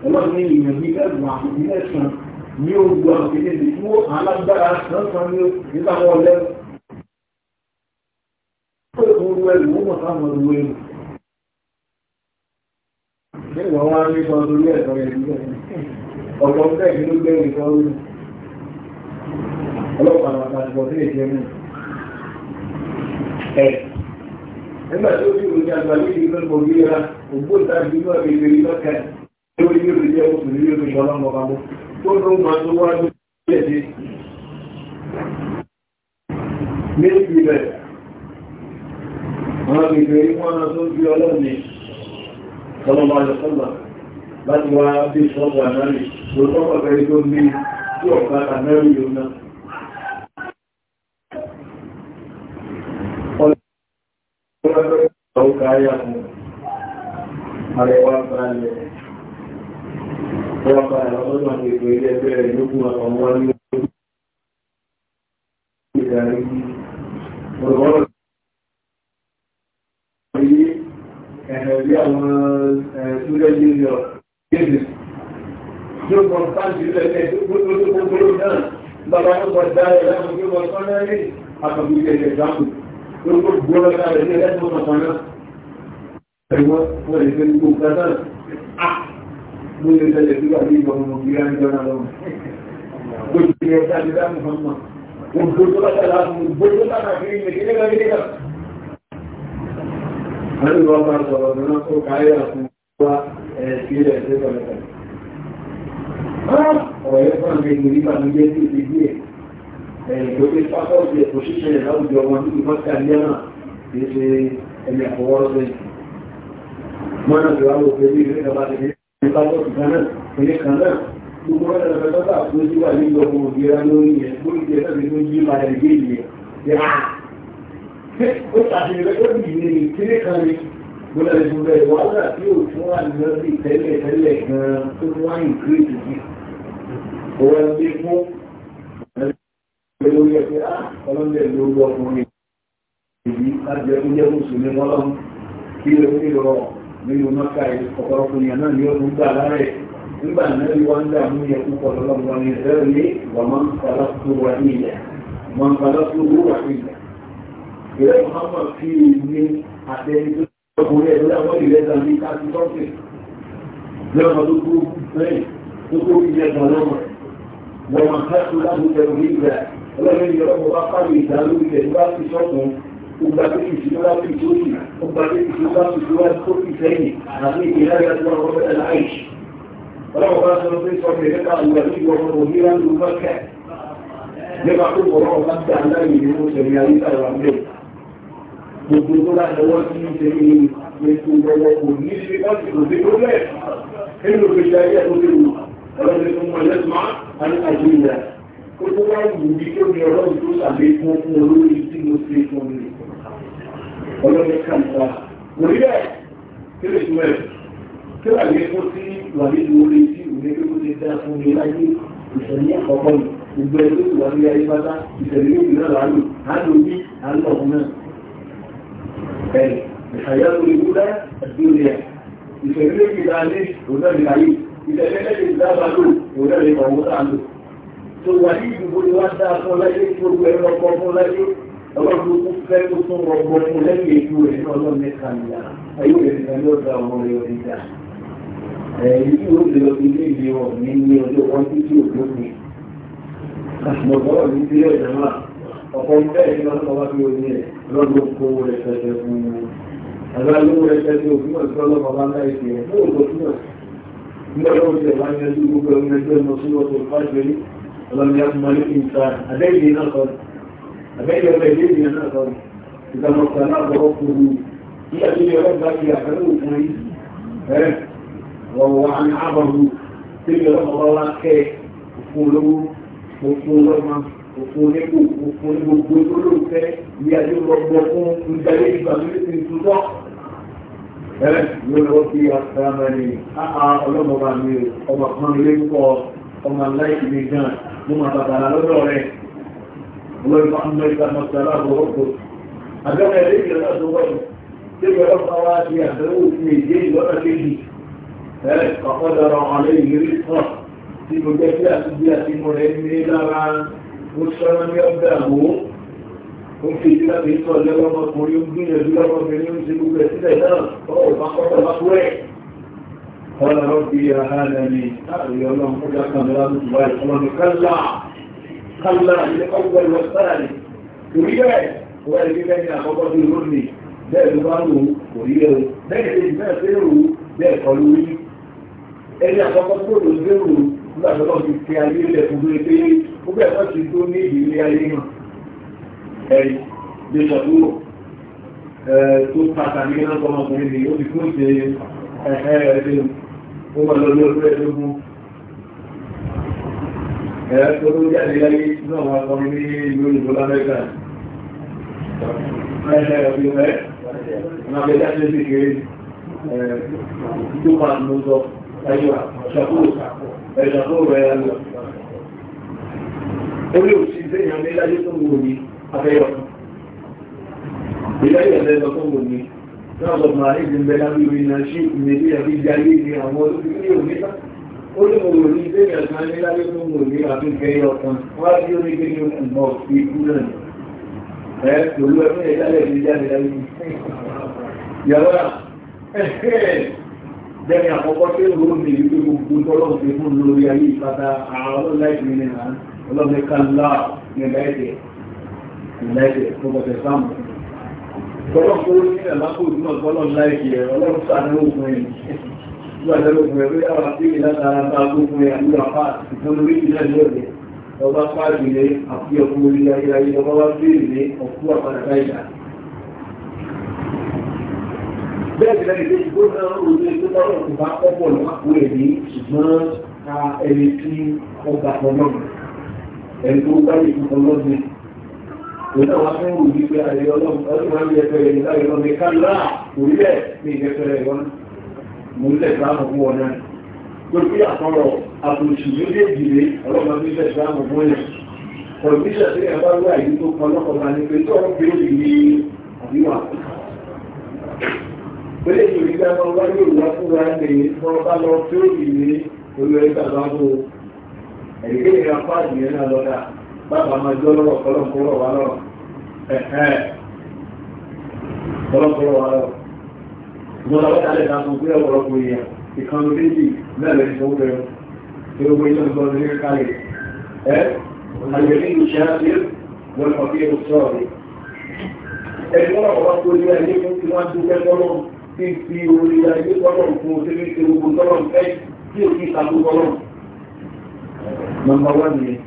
ọlọ́run ní ìyẹn bí ẹ̀rù àkùnrin ẹ̀sán ní ogun àwọn ìdílé alágbára sánsan ní nígbà wọn ọlọ́pàá àti àtìkọ́ sílẹ̀ jẹ́ mú nígbà tí ó fi ìròyìn àgbàlú yìí ló ń bọ̀ bí ra ògbóǹtarìgì náà bèbè rí lọ́kàn lórí yóò rí jẹ́ oṣù nílé oṣù ọlọ́mọ pamọ́ tó ló máa tó wá ló jẹ́ sí. méjì rẹ̀ àwọn bèbè rí wọn lọ tó bí ọlọ́ọ̀ni ọlọ́mọ àjọsọ́gbà láti wá bí sọ́gbà náà lè tó tọ́pọ̀ pẹ̀lú tó ní tí ọ̀gá àmẹ́rì yóò náà Ọ̀gá ayá mú, àrẹwà balẹ̀, wọ́n balẹ̀ ọdún àti ètò ilé ẹgbẹ́ rẹ̀ lókún àwọn ọmọ ní orí ìdarí. Ọ̀gọ́rọ̀ yìí ẹ̀rẹ̀ bí àwọn ẹ̀ẹ́súlẹ̀ jùlọ kéèdè. Yóò kọ̀ sáàjì lẹ́lẹ́ tó gbogbo náà, bàbá náà kọ̀ dáa ẹ̀ láwọn gbogbo ọ̀sán náà rí àtọ̀gbùgbẹ̀ ẹ̀gbàmù gbogbo gbogbo ọ̀rọ̀ rẹ̀ ní ẹgbẹ́ ọmọ ọmọ náà ẹ̀wọ́n wọ́n lè fẹ́ gbogbo kátà á mú lè tẹ́lẹ̀ sí wàbí ìgbà ọmọ ìgbà ìjọ náà lọ́wọ́ gbogbo ìgbà ìjọ náà lọ́wọ́ gbogbo ẹ̀yìn tó gbé pátá òbí ẹ̀kọ́ ṣíṣẹlẹ̀ láwùjọ wọn ní ìfọ́síkà ní ẹ̀nà kì í ṣe ẹ̀mí àfọwọ́rọ́sẹ̀ mọ́nà tó wáwọ̀ pé bí ìrìn ìjọba ti ní pátá òbí kan náà ilé kan náà gbogbo wọn lọ fẹ́ tọ́ta tó yíwà nínú ọmọ òbíra lórí yẹn lórí yẹn lọ́dún tó yí ma ẹ̀rí yé yẹn ó ṣàṣeyọrẹ́ ó bì wàhálà tí ò tún wà ní ọdún tẹ́lẹ̀ tẹ́lẹ̀ gan-an tó wáyé kírètì yìí. òun fún lórí ẹgbẹ́ ah, ọlọ́dẹ̀ lórí ọkùnrin èyí láti ẹkùn jẹ́ mùsùlùmí mọ́lọ́m kí ló ń rọ nínú mọ́ká ọ̀pọ̀lọpùn yẹn náà ni ó ń gbà láàrẹ̀ nígbà náà ni wọ́n ń dà mú yẹn púpọ̀ lọ́lọ́gbọ́n ní ẹ̀rọ ní wọ́n máa ń padà tó wà ní ilẹ̀ wọ́n ń padà tó wà ní ilẹ̀ ìrẹ́ Muhammad fi ní àtẹni tó ọkùnrin ẹ̀rọ láwọn ìrẹ́ tàbí káàkiri tọ́sí lọ́wọ́ tó kú lẹ́yìn tó kó ìjẹ́ kan lọ́wọ́ wọ́n máa ń ọlọ́run ní ọlọ́run bá pàrọ̀ ìdá lórí rẹ̀ bá fi sọ́kùn ọgbà tó fi sílọ́ bá fi sórí ọgbà tó fi sílọ́ bá fi sílọ́ tó fi sẹ́yìn àti ìlà ìdájọ́ ọ̀rọ̀ ẹ̀lá ìṣì ọlọ́run bá sọ pé sọ pé nípa ìgbà ọmọ mi rán ló mọ́kẹ́ nípa tó wọ̀ ọ́ bá gbà láyé ní mo sẹ̀rí ayé tàwa mẹ́ gbogbo tó bá lọ́wọ́ sí ní sẹ́yìn ní ètò ìrọ̀wọ́ kò ní ṣe láti kò sí ló mẹ́ nínú ọlọ́run tó mọ̀ lẹ́sùn ó tó wá wù mí tó ní ọlọ́run tó ṣàlékún fún olórí tí mo ṣe fún mi ọlọ́run kàńtà wò rí bẹ́ẹ̀ kí lè tún ẹ̀ kí wà ní fún sí wà nínú orí tí òun ní kí ó ṣe dá fún mi láyé ìṣẹ̀lẹ̀ àkọ́kọ́ mi gbogbo ẹ̀ tó ti wà ní ayé pátá ìṣẹ̀lẹ̀ méjì náà lálò lálò bí àlọ́ ọ̀hún náà ẹ̀ ìṣàyà lórí wúdá àti orí ẹ̀ ìṣẹ̀lẹ̀ ní òun náà ní ìṣẹ̀lẹ̀ ní ọ̀hún náà tó wà ní ìdìbò ni wọ́n dá fún láyé tó gbẹ lọ́kọ́ fún láyé ọlọ́run kún fẹ́ tó tún rọgbọ fún lẹ́yìn ètò rẹ̀ ní ọlọ́run mẹ́ta nìyà ayé rẹ̀ nìkan ló da ọmọ rẹ̀ ọdí dà èyí yóò lè lọ ilé ìlé wọn ní ní ọjọ́ wọn tí tí òjò pè àtìmọ̀gbọ́n ní ilé ọ̀dà náà ọ̀pọ̀ bẹ́ẹ̀ ni wọ́n bá fi omi rẹ̀ lọ́dún kó rẹ̀ fẹ́fẹ́ fún un àgbàlówó rẹ̀ fẹ́fẹ́ òfin ọ̀sán lọ́mọ bá láì fi ẹ̀ fún òkò fún ọ̀sán ní ọjọ́ òjò ìwà ń yanjú gbogbo ẹgbẹ́ ọmọ sí ọ̀tọ̀ ìfájọ́ yìí ولم يضمن الإنسان أبيه نقل أبيه أبيه نقل إذا ما اقتنعه ربه هي أبيه ربه إلى حلوه وهو عن عبه تلك رب الله كيف وفوله وفوله ما وفوله وفوله وفوله كيف يجب ربكم من دليل فمن تطع يقول ربي الثمن أأ ألم ما أمير أما كان لك ọmọ aláìsí mi gan mo máa bàbàrà lọ́dọ̀ rẹ̀ olórin fún amẹ́ríkà mọ́sálà àbọ̀wọ́pọ̀ àjọba ẹ̀rẹ́ ìgbẹ̀rẹ́ àdúgbọ́dù tí ìgbẹ̀rẹ́ ọ̀pá wá di àdánwò fún èdè ìlọ́dọ̀ kejì ẹ̀ ọ̀pọ̀dọ̀rọ̀ ọ̀lẹ́ ìrírí kan tí mo jẹ́ kí àti bí àti mo rẹ̀ ní lára mo sọ́nà ní ọ̀dà àwò ó gbogbo ẹ̀ قال ربي يا هالني يا الله حجة من الله سبحانه وتعالى كلا كلا الأول والثاني كريه وقال لك أنا خبرت يقولني ده يبانو كريه ده الإنسان ده قلوي ẹni àkọ́kọ́ tó lò zéro nígbàtí ọlọ́run ti fi ayé ilẹ̀ fún mi pé ó bẹ̀rẹ̀ wọ́n ti tó ní ìdílé ayé ó mọ̀ lọ́lọ́ ọ̀rẹ́ ẹ̀dógún ẹ̀yà tó tó jáde láyé ní àwọn akọrin ní ìlú òyìnbó lamẹ́ríkà ẹ̀ṣẹ̀ ọ̀fìn rẹ̀ máa bẹ jáde sí kéré tó máa ń lọ ayé wa ṣàkóso ẹ̀ṣàkóso rẹ̀ yà lọ. ó lè òsì sẹ́yìn àmì láyé tó ń wò ní abẹ́yọ̀ ìlẹ́yìn ẹ̀lẹ́dọ̀ tó ń wò ní lọ́gbọ̀n àrí ìdínbẹ̀ lábíwí na ṣí ìmẹ̀lẹ́ àbí jayé ní àwọn olóògbé òní ó lè mọ̀ ní ilé ìrìnàjò ní lábẹ́ tó mọ̀ ní àbíkẹ́ ọkàn wá bí ó ní gbé ní ọmọ ìkú náà ẹ̀ pẹ̀lú ẹgbẹ́ ìdálẹ̀ ìdí jáde láyé yàrá jẹ́ni àkọ́kọ́ tí ó rò ní ìlú gbogbo tọ́lọ́pù ti fún Gbọ́dọ̀ kó ní ẹ̀lápò náà gbọ́dọ̀ láìkì ẹ̀ ọlọ́run sáré òkun ẹ̀. Nígbà tẹ́lẹ̀ òkun ẹ̀ pé àwọn akéwì látara bá gbógun ẹ̀ àdúrà pa ìtàn lórí ìlẹ̀ lọ́dẹ̀. Ọba páàdì lé àfi ọkùn orí ayérayé ọba wá béèrè lé ọkú àpàdàdá ìdá. Bẹ́ẹ̀ ni lẹ́yìn tí ó náà ó lé tó bá ọ̀kùn bá kọ́pọ̀ lọ́pọ̀ ẹ̀ ní ṣùgbọ́n ẹni tí ọgbà ọlọ́run. Ẹni tó gbáyé ọlọ́run Ìjọba wọn fẹ́ wù wípé ààrẹ ọlọ́run ọdún wọn bí ẹgbẹ́ rẹ̀ nígbà ìrọ̀lẹ́ ká láà orílẹ̀ ní ìgbẹ́fẹ́ rẹ̀ wọn. Mo ń lẹ̀ sáàmù fún ọ̀nà. Lórí àtọ́rọ̀ àtòṣù méjèèjì rẹ̀ ọlọ́run bí lẹ̀ sáàmù fún ẹ̀. Kọ̀míṣà sí ẹ̀bá rú àyè tó kan lọ́kọ̀ máa ní pé tọ́rọ̀ pé ó lè ní àríwá. Ó lè yìí nígbà wọn bàbá máa jọ lọ́rọ̀ kọlọ́kọlọ́ wa lọ́rọ̀ ẹ̀ẹ́ kọlọ́kọlọ́ wa lọ́rọ̀ mo lọ wọ́n tálẹ̀ dáhùn sí ọ̀pọ̀lọpọ̀ èèyàn ìkànnì méjì mẹ́rin tó ń bẹ̀rù tí ó gbé iná lọ sí kálẹ̀ ẹ́ àgbẹ̀lẹ́ ìṣẹ́ àti wọn kọ̀ bí ẹ̀rù sọ̀rọ̀ ẹni wọ́n lọ́wọ́ tó ní ẹni fún tí wọ́n dúpẹ́ tọ́lọ́ tí fi orí ayé tọ́lọ́ fún tí ní ti gbogbo tọ́lọ́ fẹ́ tí ò ní ìtàkùn tọ́lọ́. Nọ́mbà wá nìyẹn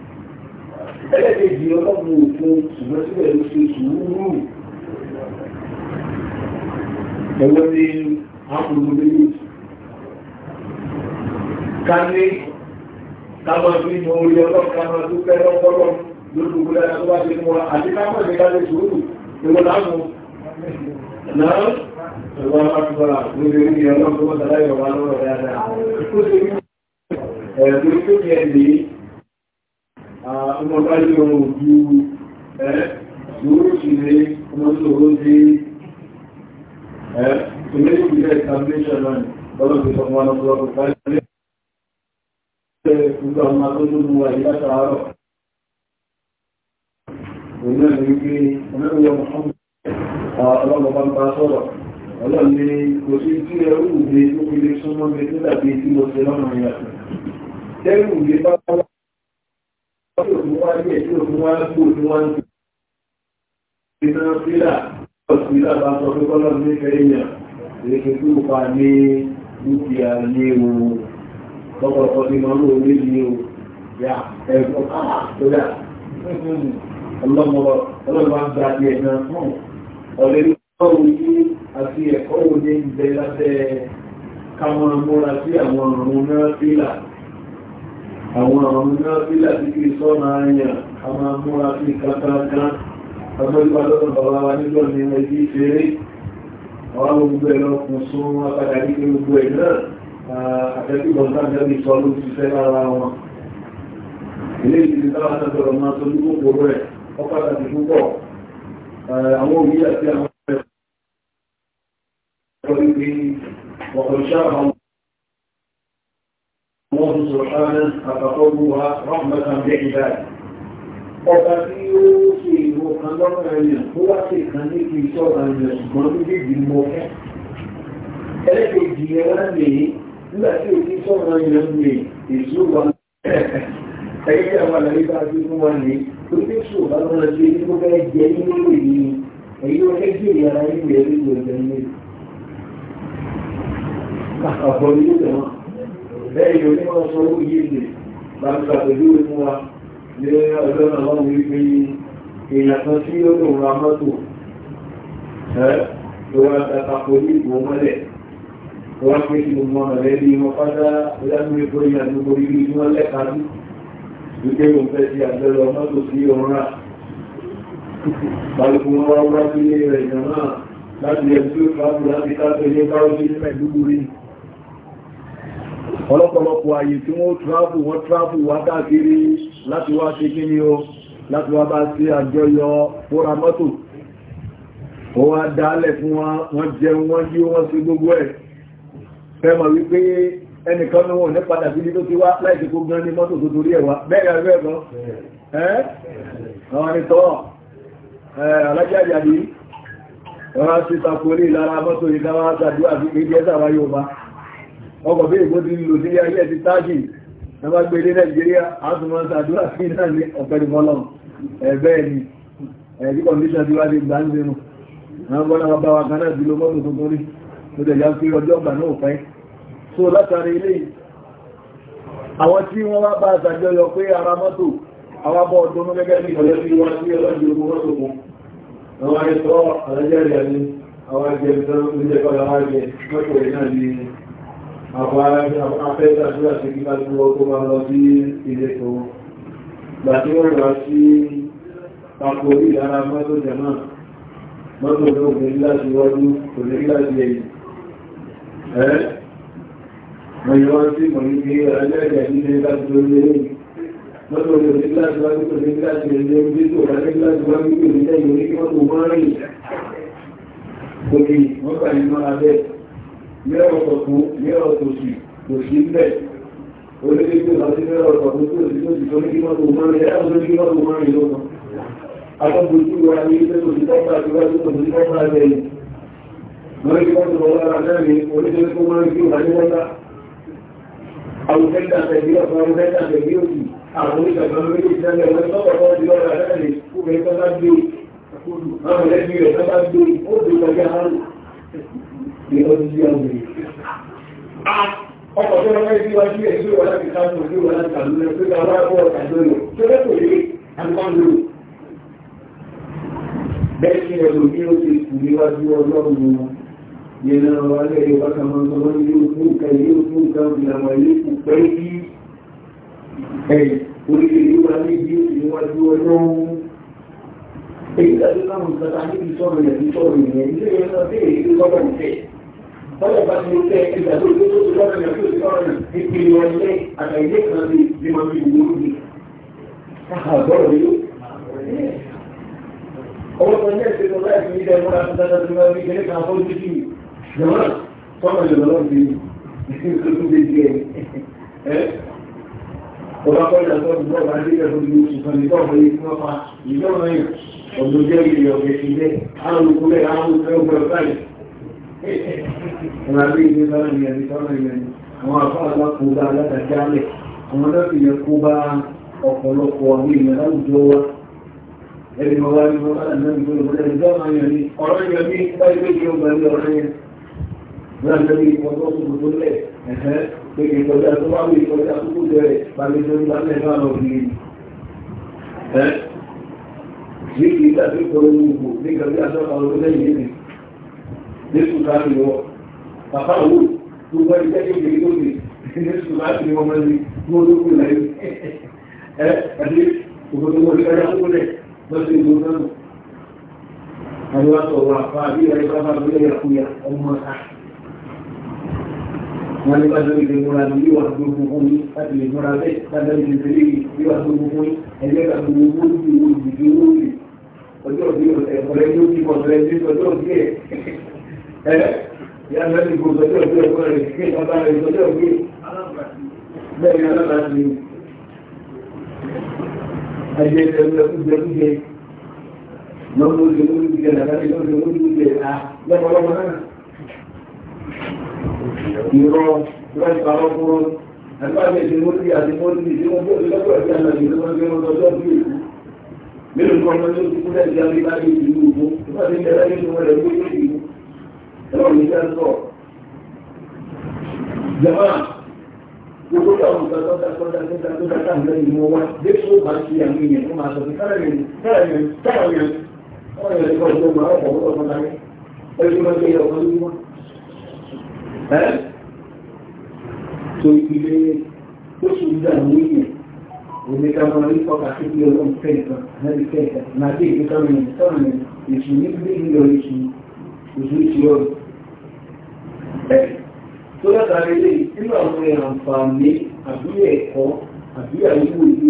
ẹlẹ́dẹ̀ẹ́dì ọlọ́run òfin ṣùgbọ́n síbẹ̀ ló ṣe sùúrù ẹ̀wọ́ ni akùnrin ká ní káwọn fi mọ orí ọlọ́run káwọn tó fẹ́ lọ́pọ̀lọ́ lórí gbogbo dára tó bá ti mú wa àti káwọn ẹ̀dẹ́ ká lè sùúrù ẹ̀wọ́ láàmú náà ẹ̀wọ́ alákùnrin lórí orí ọlọ́run tó bá dára ọmọ bá yí ọmọ ojú ẹ́ lóòrò sí ilé ọmọ sọ̀rọ̀ sí ẹ́ tó lé ìpínlẹ̀ establishment náà lọ́dọ̀ tó ọlọ́run ní kò sí tí ẹrù ìgbé tó fi lè súnmọ́ mi nígbàtí tí mo ṣe lọ́nà ìyàtọ̀ tẹ́rù ìgbé bá wà ọdún wá ní ẹ̀sí òun wá kú ní wá ń gbé iná fílà ọ̀sùnlá bá sọ pé kọ́lọ̀ ní kẹ́yìn lèkè tó pa ní dúkìá ní o lọ́pọ̀lọpọ̀ ní máa ń lò ní ní o yà ẹ̀kọ́ àtúndà ọlọ́mọlọ ọlọ́mọ àgbà di ẹ̀nà fún ọ̀rẹ́ ìgbọ́wò yìí àti ẹ̀kọ́ òde ń lábẹ́ káwọn múra sí àwọn ọ̀run náà fílà àwọn àwọn náà bí láti kí sọ́nà àyà a máa múra sí kátàkà agbẹ́gbà lọ́nà bàbá wa níjọ́ ní ẹbí ṣeré àwọn gbogbo ẹ̀lọ́ kùn sún apàdà ní pé gbogbo ẹ̀ náà àtẹ́kí bọ̀ǹtà jẹ́bi sọ ló ti fẹ́ lára wọn ilé ìdílé táwọn àtàkọ̀rọ̀ máa sojú kòkòrò ẹ̀ قرآنا فقطوها رحمة بعباده ọba tí ó ṣe ìwọ kan lọ́rọ̀ ẹ̀yàn tó wá sí ìkan ní kí iṣẹ́ ọ̀rọ̀ ẹ̀yàn ṣùgbọ́n méjèèjì mọ fẹ́ ẹlẹ́kẹ̀ẹ́jì ẹ wá lè nígbà tí ò sí sọ̀rọ̀ ẹ̀yàn lè èso wa ẹgbẹ́ tí àwọn àlàyé bá gbé fún wa ní oníṣòwò bá lọ́nà tí ó fẹ́ jẹ fẹ́ jẹ nínú ẹ̀rí bẹ́ẹ̀ yóò ní wọ́n sọ owó yìí lè bá ń ṣàpèjú fún wa ní ọjọ́ náà wọ́n wí pé èèyàn kan tí ó lòun ra mọ́tò ẹ́ tó wá tàkàkò ní ìgbò mọ́lẹ̀ tó wá pé kí gbogbo ọ̀nà rẹ̀ bí wọn pátá lẹ́nu epo ní àdúgbò ibi tí wọ́n lẹ́ka sí wípé òun fẹ́ ọlọ́pọ̀lọpọ̀ ààyè tí wọ́n tráfù wọ́n tráfù wá káàkiri láti wá ṣe kí ni o láti wá bá sí àjọyọ̀ fóra mọ́tò ó wá dálẹ̀ fún wọn jẹun wọ́n yí wọ́n sí gbogbo ẹ̀ fẹ́mọ̀ wípé ẹnìkan ní wọn ní padà sí tó ti wá láìsí kó gan ní mọ́tò tó torí ẹ̀wà bẹ́ẹ̀ rẹ̀ gan ọkọ̀ bí ìgbó ti lò sí ayé ti tájì ẹgbà gbé ilé nàìjíríà átùmọ̀ sàdúrà sí náà ní ọ̀pẹ̀lú fọ́lọ́m ẹ̀bẹ́ ni ẹ̀bí kọ̀ndíṣàn ti wá ti gbà ń sínú àwọn bọ́lá bàbá wa kan tuntun rí ló tẹ̀lé á fi ọjọ́ ọgbà náà fẹ́ so látàrí ilé àwọn tí wọ́n wá bá àtàjọyọ̀ pé ara mọ́tò àwọn abọ́ ọdún gẹ́gẹ́ bí ọjọ́ tí wọ́n sí ọlọ́dún ogun mọ́tò kún àwọn àjẹsọ́ àlẹ́jẹ́rẹ́ ni àwọn ìjẹ́kọ̀ọ́ ni àwọn afẹ́ta sí àti kíkà tí wọ́n tó máa lọ sí ilé tó gbàtí wọ́n rà sí papò orí ara mọ́tò jẹ̀mọ́ mọ́tò ló gbé láti wọ́dú kò lè láti ẹ̀yìn ẹ́ mọ̀ yíwá sí mọ̀ ní pé ẹlẹ́gẹ̀ nílé láti lórí ẹ̀yìn mọ́tò lè lè láti wájú kò lè láti ẹ̀yìn orí tó rà lè mẹ́rọ̀ tọ̀tún mẹ́rọ̀ tòṣì tòṣì ń bẹ̀ orílẹ̀-èdè àti mẹ́rọ̀ tọ̀tún tòṣì tòṣì tó ní kí wọ́n tó máa ń rẹ̀ ẹ́ tó ní kí wọ́n tó máa ń rẹ̀ lọ́tọ̀ alábòjú wa ní ilé tòṣì tọ́pá àti wájú tòṣì tọ́pá rẹ̀ yìí wọ́n ní wọ́n tó wọ́n lára náà ní orílẹ̀-èdè tó máa ń kí wọ́n ní wọ́n lá àwùjẹ́ta tẹ̀lé ọ̀pọ̀ àwùjẹ́ta tẹ̀lé òkì àwọn oníṣàgbọ́n méjì sẹ́lẹ̀ wọ́n tọ́pọ̀ tọ́pọ̀ di lọ́ra ni tó lọ́wọ́ ibi ní bí ó ti níwájú ọlọ́run èyí tàbí káwọn ti tẹ ìgbà tó tó tó lọ́rọ̀ yẹn tó tó lọ́rọ̀ yẹn ìpìlẹ̀ ọ̀lẹ́ àtàyè kan ti di máa fi wúlò ní. Àgbọ̀rọ̀ yìí. Ọwọ́ kan náà ṣe tọ́lá ìpínlẹ̀ ìdá ìmúra tó dáadáa tó máa fi kéré kan fún títì. Jọ̀wọ́ sọ́nà ìjọba náà ti ìsìn tó tún lè di ẹ̀. Ọba kọ́lá tó ti bọ́ọ̀ bá dé ìrànlẹ́ ilé lọ́nà ìyẹn tọ́nà ìyẹn àwọn afọ́ alákòóbá alátàjálẹ̀ àwọn lọ́pì yẹ kó bá ọ̀pọ̀lọpọ̀ àwọn èèyàn láwùjọ wa ẹni mọ̀ wá ní wọn láti náà ìgbóni wọn lẹ́yìn tó máa yàn ní ọ̀rọ̀ yẹn ní bá ilé yìí ó gbàgbé ọ̀rọ̀ yẹn náà lórí ọjọ́ tó tó lẹ̀ ẹ̀hẹ́ pé ìtọ́jà tó wá wí ìtọ́jà tó kú jẹrẹ̀ balẹ̀ tó ń balẹ̀ náà lọ sí i. Jésù láti wọ bàbá òwú tó wọ́n ti tẹ́lẹ̀ ìgbèrè tó gbè Jésù láti wọ ọmọ ní wọ́n tó kù láyé ẹ àti òkòtò wọn ìgbà yà kúkú lẹ̀ lọ́sẹ̀ ìlú náà. Àwọn àtọ̀wọ̀ àpá àbí ìrẹ̀lẹ̀ bàbá àbúlé yàkúyà ọmọ ọ̀tá wọ́n ní bájọ́ ilé múra ní yíwà gbogbo fún yí láti lè múra bẹ́ẹ̀ bájọ́ ilé múra yìí yíwà gbogbo fún yí ẹgbẹ́ ka gbogbo owó ní ìwé ìdíje owó rè ọjọ́ òbí ọ̀rẹ́ ní ó ti kọ̀ ọ̀rẹ́ ní ọjọ́ òbí ẹ̀ ìyá mẹ́rin kò sọ́jọ́ ìgbé ọkọ̀ rẹ̀ kí ọba rẹ̀ sọ́jọ́ ìgbé bẹ́ẹ̀ alábàáṣe ayé ẹgbẹ̀kúgbẹ̀kúgbẹ̀ lọ́wọ́ olùgbẹ̀kúgbẹ̀ làbáyé lọ́wọ́ olùgbẹ̀ lọ́wọ́lọ́wọ́ náà ìrọ̀ lọ́wọ́ ìpàrọ̀kúrọ̀ àgbàgbẹ̀ ìdíwọ́lì àti mọ́lì ìdíwọ́lì lọ́wọ́ ìdíwọ́lì àti mọ́lì ìdíwọ́lì mélòó kan lọ́jọ́ ìdíwọ́lì àti àbíkáyé ìdíwọ́lì ẹlọ́run ní sẹ́ńtọ̀ jẹ̀mọ́ gbogbo táwọn nǹkan tó ta tó ta tó ta tó ta tá nǹkan yìí mọ́ wá bí tó bá ti àwọn èèyàn tó máa sọ pé kára yẹn kára yẹn kára yẹn wọ́n yẹn ti kọ́ ọ̀dọ́ máa ọ̀pọ̀ ọ̀pọ̀ ọ̀pọ̀ láyé ẹni máa tó yàtà lélẹ̀ nínú àwọn àǹfààní àbí ẹ̀kọ́ àbí àyíwò ìlú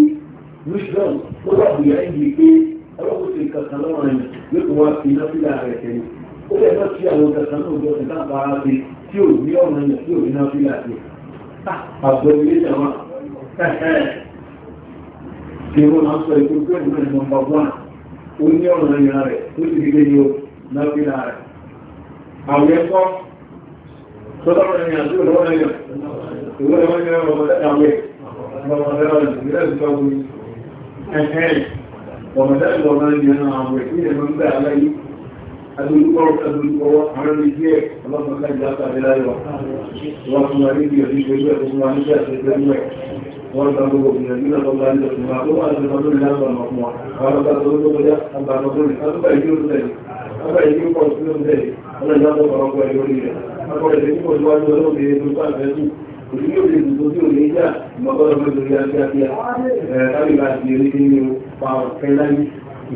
wisdom tó wà bóyá ìlú pé ọlọ́pàá ti kàkà lọ́wọ́ rẹ̀ yóò tó wá sí iná fílà rẹ̀ tẹ̀lé ó fẹ́ bá sí àwọn kàkà náà jọ ìta bára ṣe tí ò ní ọ̀nà yẹn tí ò ní náà fílà ṣe àgbẹ̀ ilé ìjọba ṣe wọ́n máa ń sọ ìpín pé òun náà nọ́mbà wán ó ní ọ̀nà yẹn rẹ̀ tó ti fi gbé ní o fílà rẹ̀ àwọn ẹ̀kọ́ Ọmọdé ìlọ́rọ̀ ìyẹnà àwọn ìpínlẹ̀ mọ́ ń bẹ́ aláyé, adúlúkọ́rọ̀ adúlúkọ́wọ́ àwọn ìdíẹ̀ ọlọ́pàá ìjá tàbí láyọ̀. Wọ́n fún wa ní ìdíẹ̀ ìgbẹ̀rẹ̀ fún wa ní ìjá tàbí láyọ̀. ورسلوا من الذين صلى الله عليه وسلم المدن الناس والمطموع ورسلوا الرسل أبا رسول أبا يجيب ذلك أبا يجيب رسول ذلك أنا جاءت رب عيوني أقول لك وجوان ولو في سلطان فاسي ويجيب لي سلطان ليجا مقر من الدنيا الكافية أبي بعد يريدني فأنا كيلاني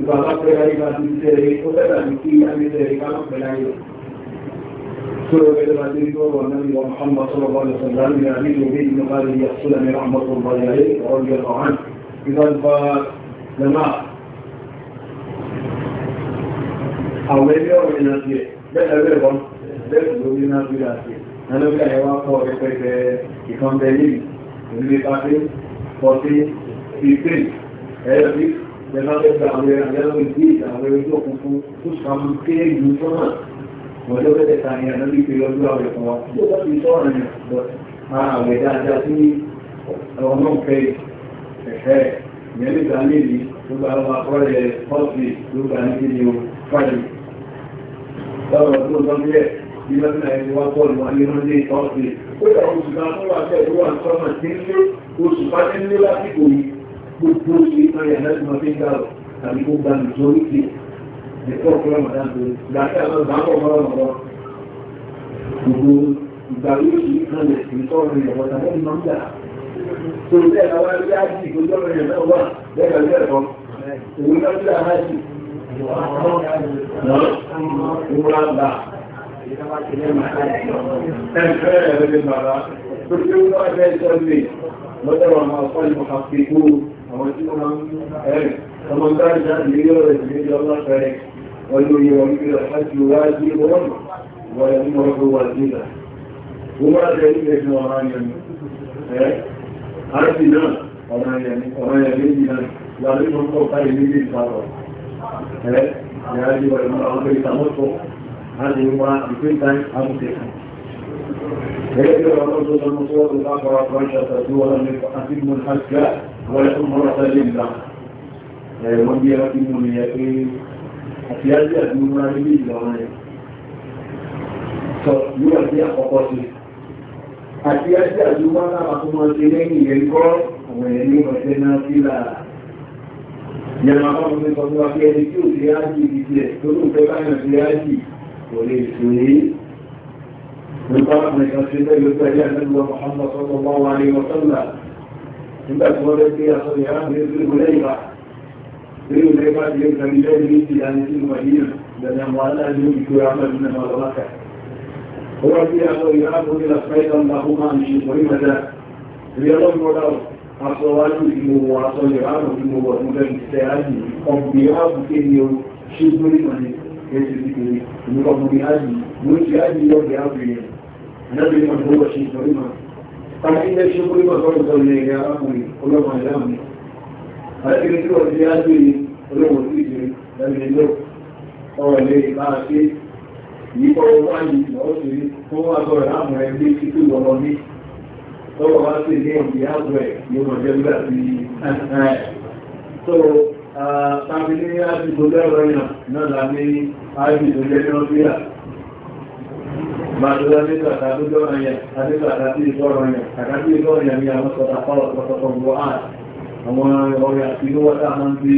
فأنا كيلاني بعد يسيري وكذا بكي أبي يسيري كما كيلاني كلوا بإذن عزيزه والنبي محمد صلى الله عليه وسلم يعمل به من غير يحصل من رحمة الله عليه ورضي الله عنه إذا فلما حوالي يوم من أسير بل أبيرهم بل أبيرهم من أسير أنا بلا يواقع وكيف يكون دليل من بقاتل 40 53 هذا في لما يبدأ عمير عمير من ديك عمير من ديك عمير من ديك عمير من ديك ọjọ́ pẹ́tẹ̀ta ni ẹ̀nà bí kiri ọdún àwẹ̀ fún wa tí ó bá ti sọ ọ̀rọ̀ yẹn lọ máa àwẹ̀ dáadáa sí ọmọ ìfẹ́ ẹ̀fẹ́ ìyẹn lè gbà lè ní tó bá wà kọ́lẹ̀ pọ́ọ̀sì tó gbà ní kíni o fàyè lọ́rọ̀ tó lọ sílẹ̀ bí lọ́sìn àyẹ̀wò wá bọ́ọ̀lù wá ní wọ́n dé pọ́ọ̀sì ó yà oṣù kan tó wà bẹ́ẹ̀ tó wà sọ́mọ̀ tí ń lé oṣù bá ti ń lé lásìkò yìí gbogbo oṣù ìtàn yà lẹ́sìn ọ̀sìn gbà lọ tàbí kó gbà nìjọ́ ìdí ẹ̀kọ́ fún ọmọdé ìgbà tí a lọ bá bọ̀ mọ́ ọmọ gbogbo ìgbà lóṣù kan lè fi tọ́rọ ìyàwó tàbí ìmọ̀ ń gbà tó bẹ́ẹ̀ lọ́wọ́ bí á jì ìgbójú ọ̀rọ̀ ìyàwó náà wà bẹ́ẹ̀ bẹ́ẹ̀ kọ́ òun náà bí a máa jì òun náà gbà ẹ̀fẹ́ ẹ̀rẹ́gbẹ̀ bàbá tó kí ó bá ẹgbẹ́ ìṣẹ́lẹ̀ lọ́dọ̀wọ̀ àwọn ọ̀pọ̀ ìmọ̀ ويريد الحج واجب ويمره واجبا وما ذلك يجنوران يمين أرسنا وما يميننا لازم نقول قائمين بالفضل يجب المرأة بالتمطع هذه هو بكل تايم أمسكها يجب الرجل المصور الأقرى فرشة دولا أتم الحج ويكون مرة لله ومن يتم اليقين àti ájú àti múra nílé ìlọrin rẹ̀ sọ yóò sí àkọ́kọ́ sí àti ájú àti múra lára tó máa ṣe lẹ́yìn ìyẹn kọ́ àwọn èèyàn ní ọ̀sẹ̀ náà sí lára ìyẹn máa bá wọn sọ fún wa pé ẹni tí ò sí ájú ibi tiẹ̀ tó ló ń fẹ́ báyọ̀ sí ájú kò lè ṣòye nípa àwọn ìkànṣe lẹ́yìn ọjọ́ ìyá nílùú Muhammad sallallahu alaihi wa sallam nígbà tí wọ́n lẹ́ sai da ya faɗi yin kan gidan miki da yankin madina da zamwala da yin ko ya faɗi na malaka هو في أنه يذهب إلى الصيد اللهم أمشي مهمة رياض ولو أصوات الإمو وأصيران الإمو ومدن سيادي قبيرات كينيو شبر من يسلسل مقبيرات مرجعات يوم يابي نبي من هو شبر من فإن الشبر من صلى الله عليه وسلم قلوا ما يلامي هذا كنت أرجعات olóhùn sí ìdí lẹ́nu ilé ọ̀rọ̀ ilé ìbára ṣe yíkọ̀ owó ayé lọ́wọ́ sí fún agbọ̀rọ̀ láàmú ẹgbẹ́ títí lọ́wọ́ ní lọ́wọ́ wá sí ilé ìdí àgbọ̀ ẹ̀ ní ọmọ jẹ́ nígbà tí so tàbí ní àdìgbò lẹ́rọ yàn náà là ní àdìgbò lẹ́rọ sí à Màdúrà nígbà tàbí lọ́rọ̀ yẹn, àdígbà tàbí ìgbọ́rọ̀ yẹn, àkàtí ìgbọ́rọ̀ yẹn ni àwọn sọ̀tà pọ̀ lọ́pọ̀lọpọ̀ àwọn ọ̀rẹ́ àti inú wọ́ta máa ń bí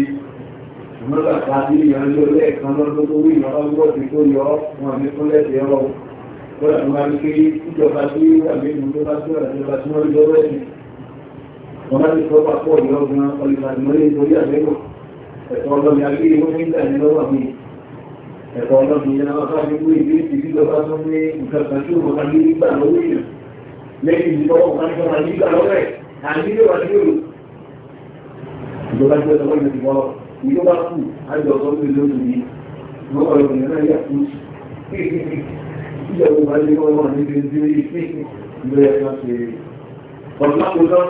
ṣùgbọ́n bàtà ní ìyànjẹ́ lẹ́ẹ̀kan lọ́dún tó wí ìyàn ọgbọ́ ti tó yọ wọn ní fún lẹ́sẹ̀ ọ̀rọ̀ wọ́n ti máa ń ké ìjọba tí wà nínú tó bá tó ìjọba tí wọ́n lọ́wọ́ ẹ̀sìn wọ́n bá ti sọ́pà pọ̀ ìyọ́gbọ́n ọlùmọ̀lẹ́ nítorí àbẹ́kọ̀ ẹ̀kọ́ ọlọ́mi agbé wọ́n ní ìgbà ní lọ́wọ́ mi ẹ̀kọ́ ọlọ́mi yẹn wọ́n bá ní wí ìdí ìjọba tó ní tí wọ́n bá ní nígbà lọ́wọ́ èèyàn lẹ́yìn ìjọba kan tó tó ìjọ bá kù àjọ ọ̀sán lórí lórí mi wọ́n wà lórí náà yà kú ìjọba bá lé wọ́n wà níbi ní ilé ẹ̀ka ṣe ọ̀dùnmá kò tán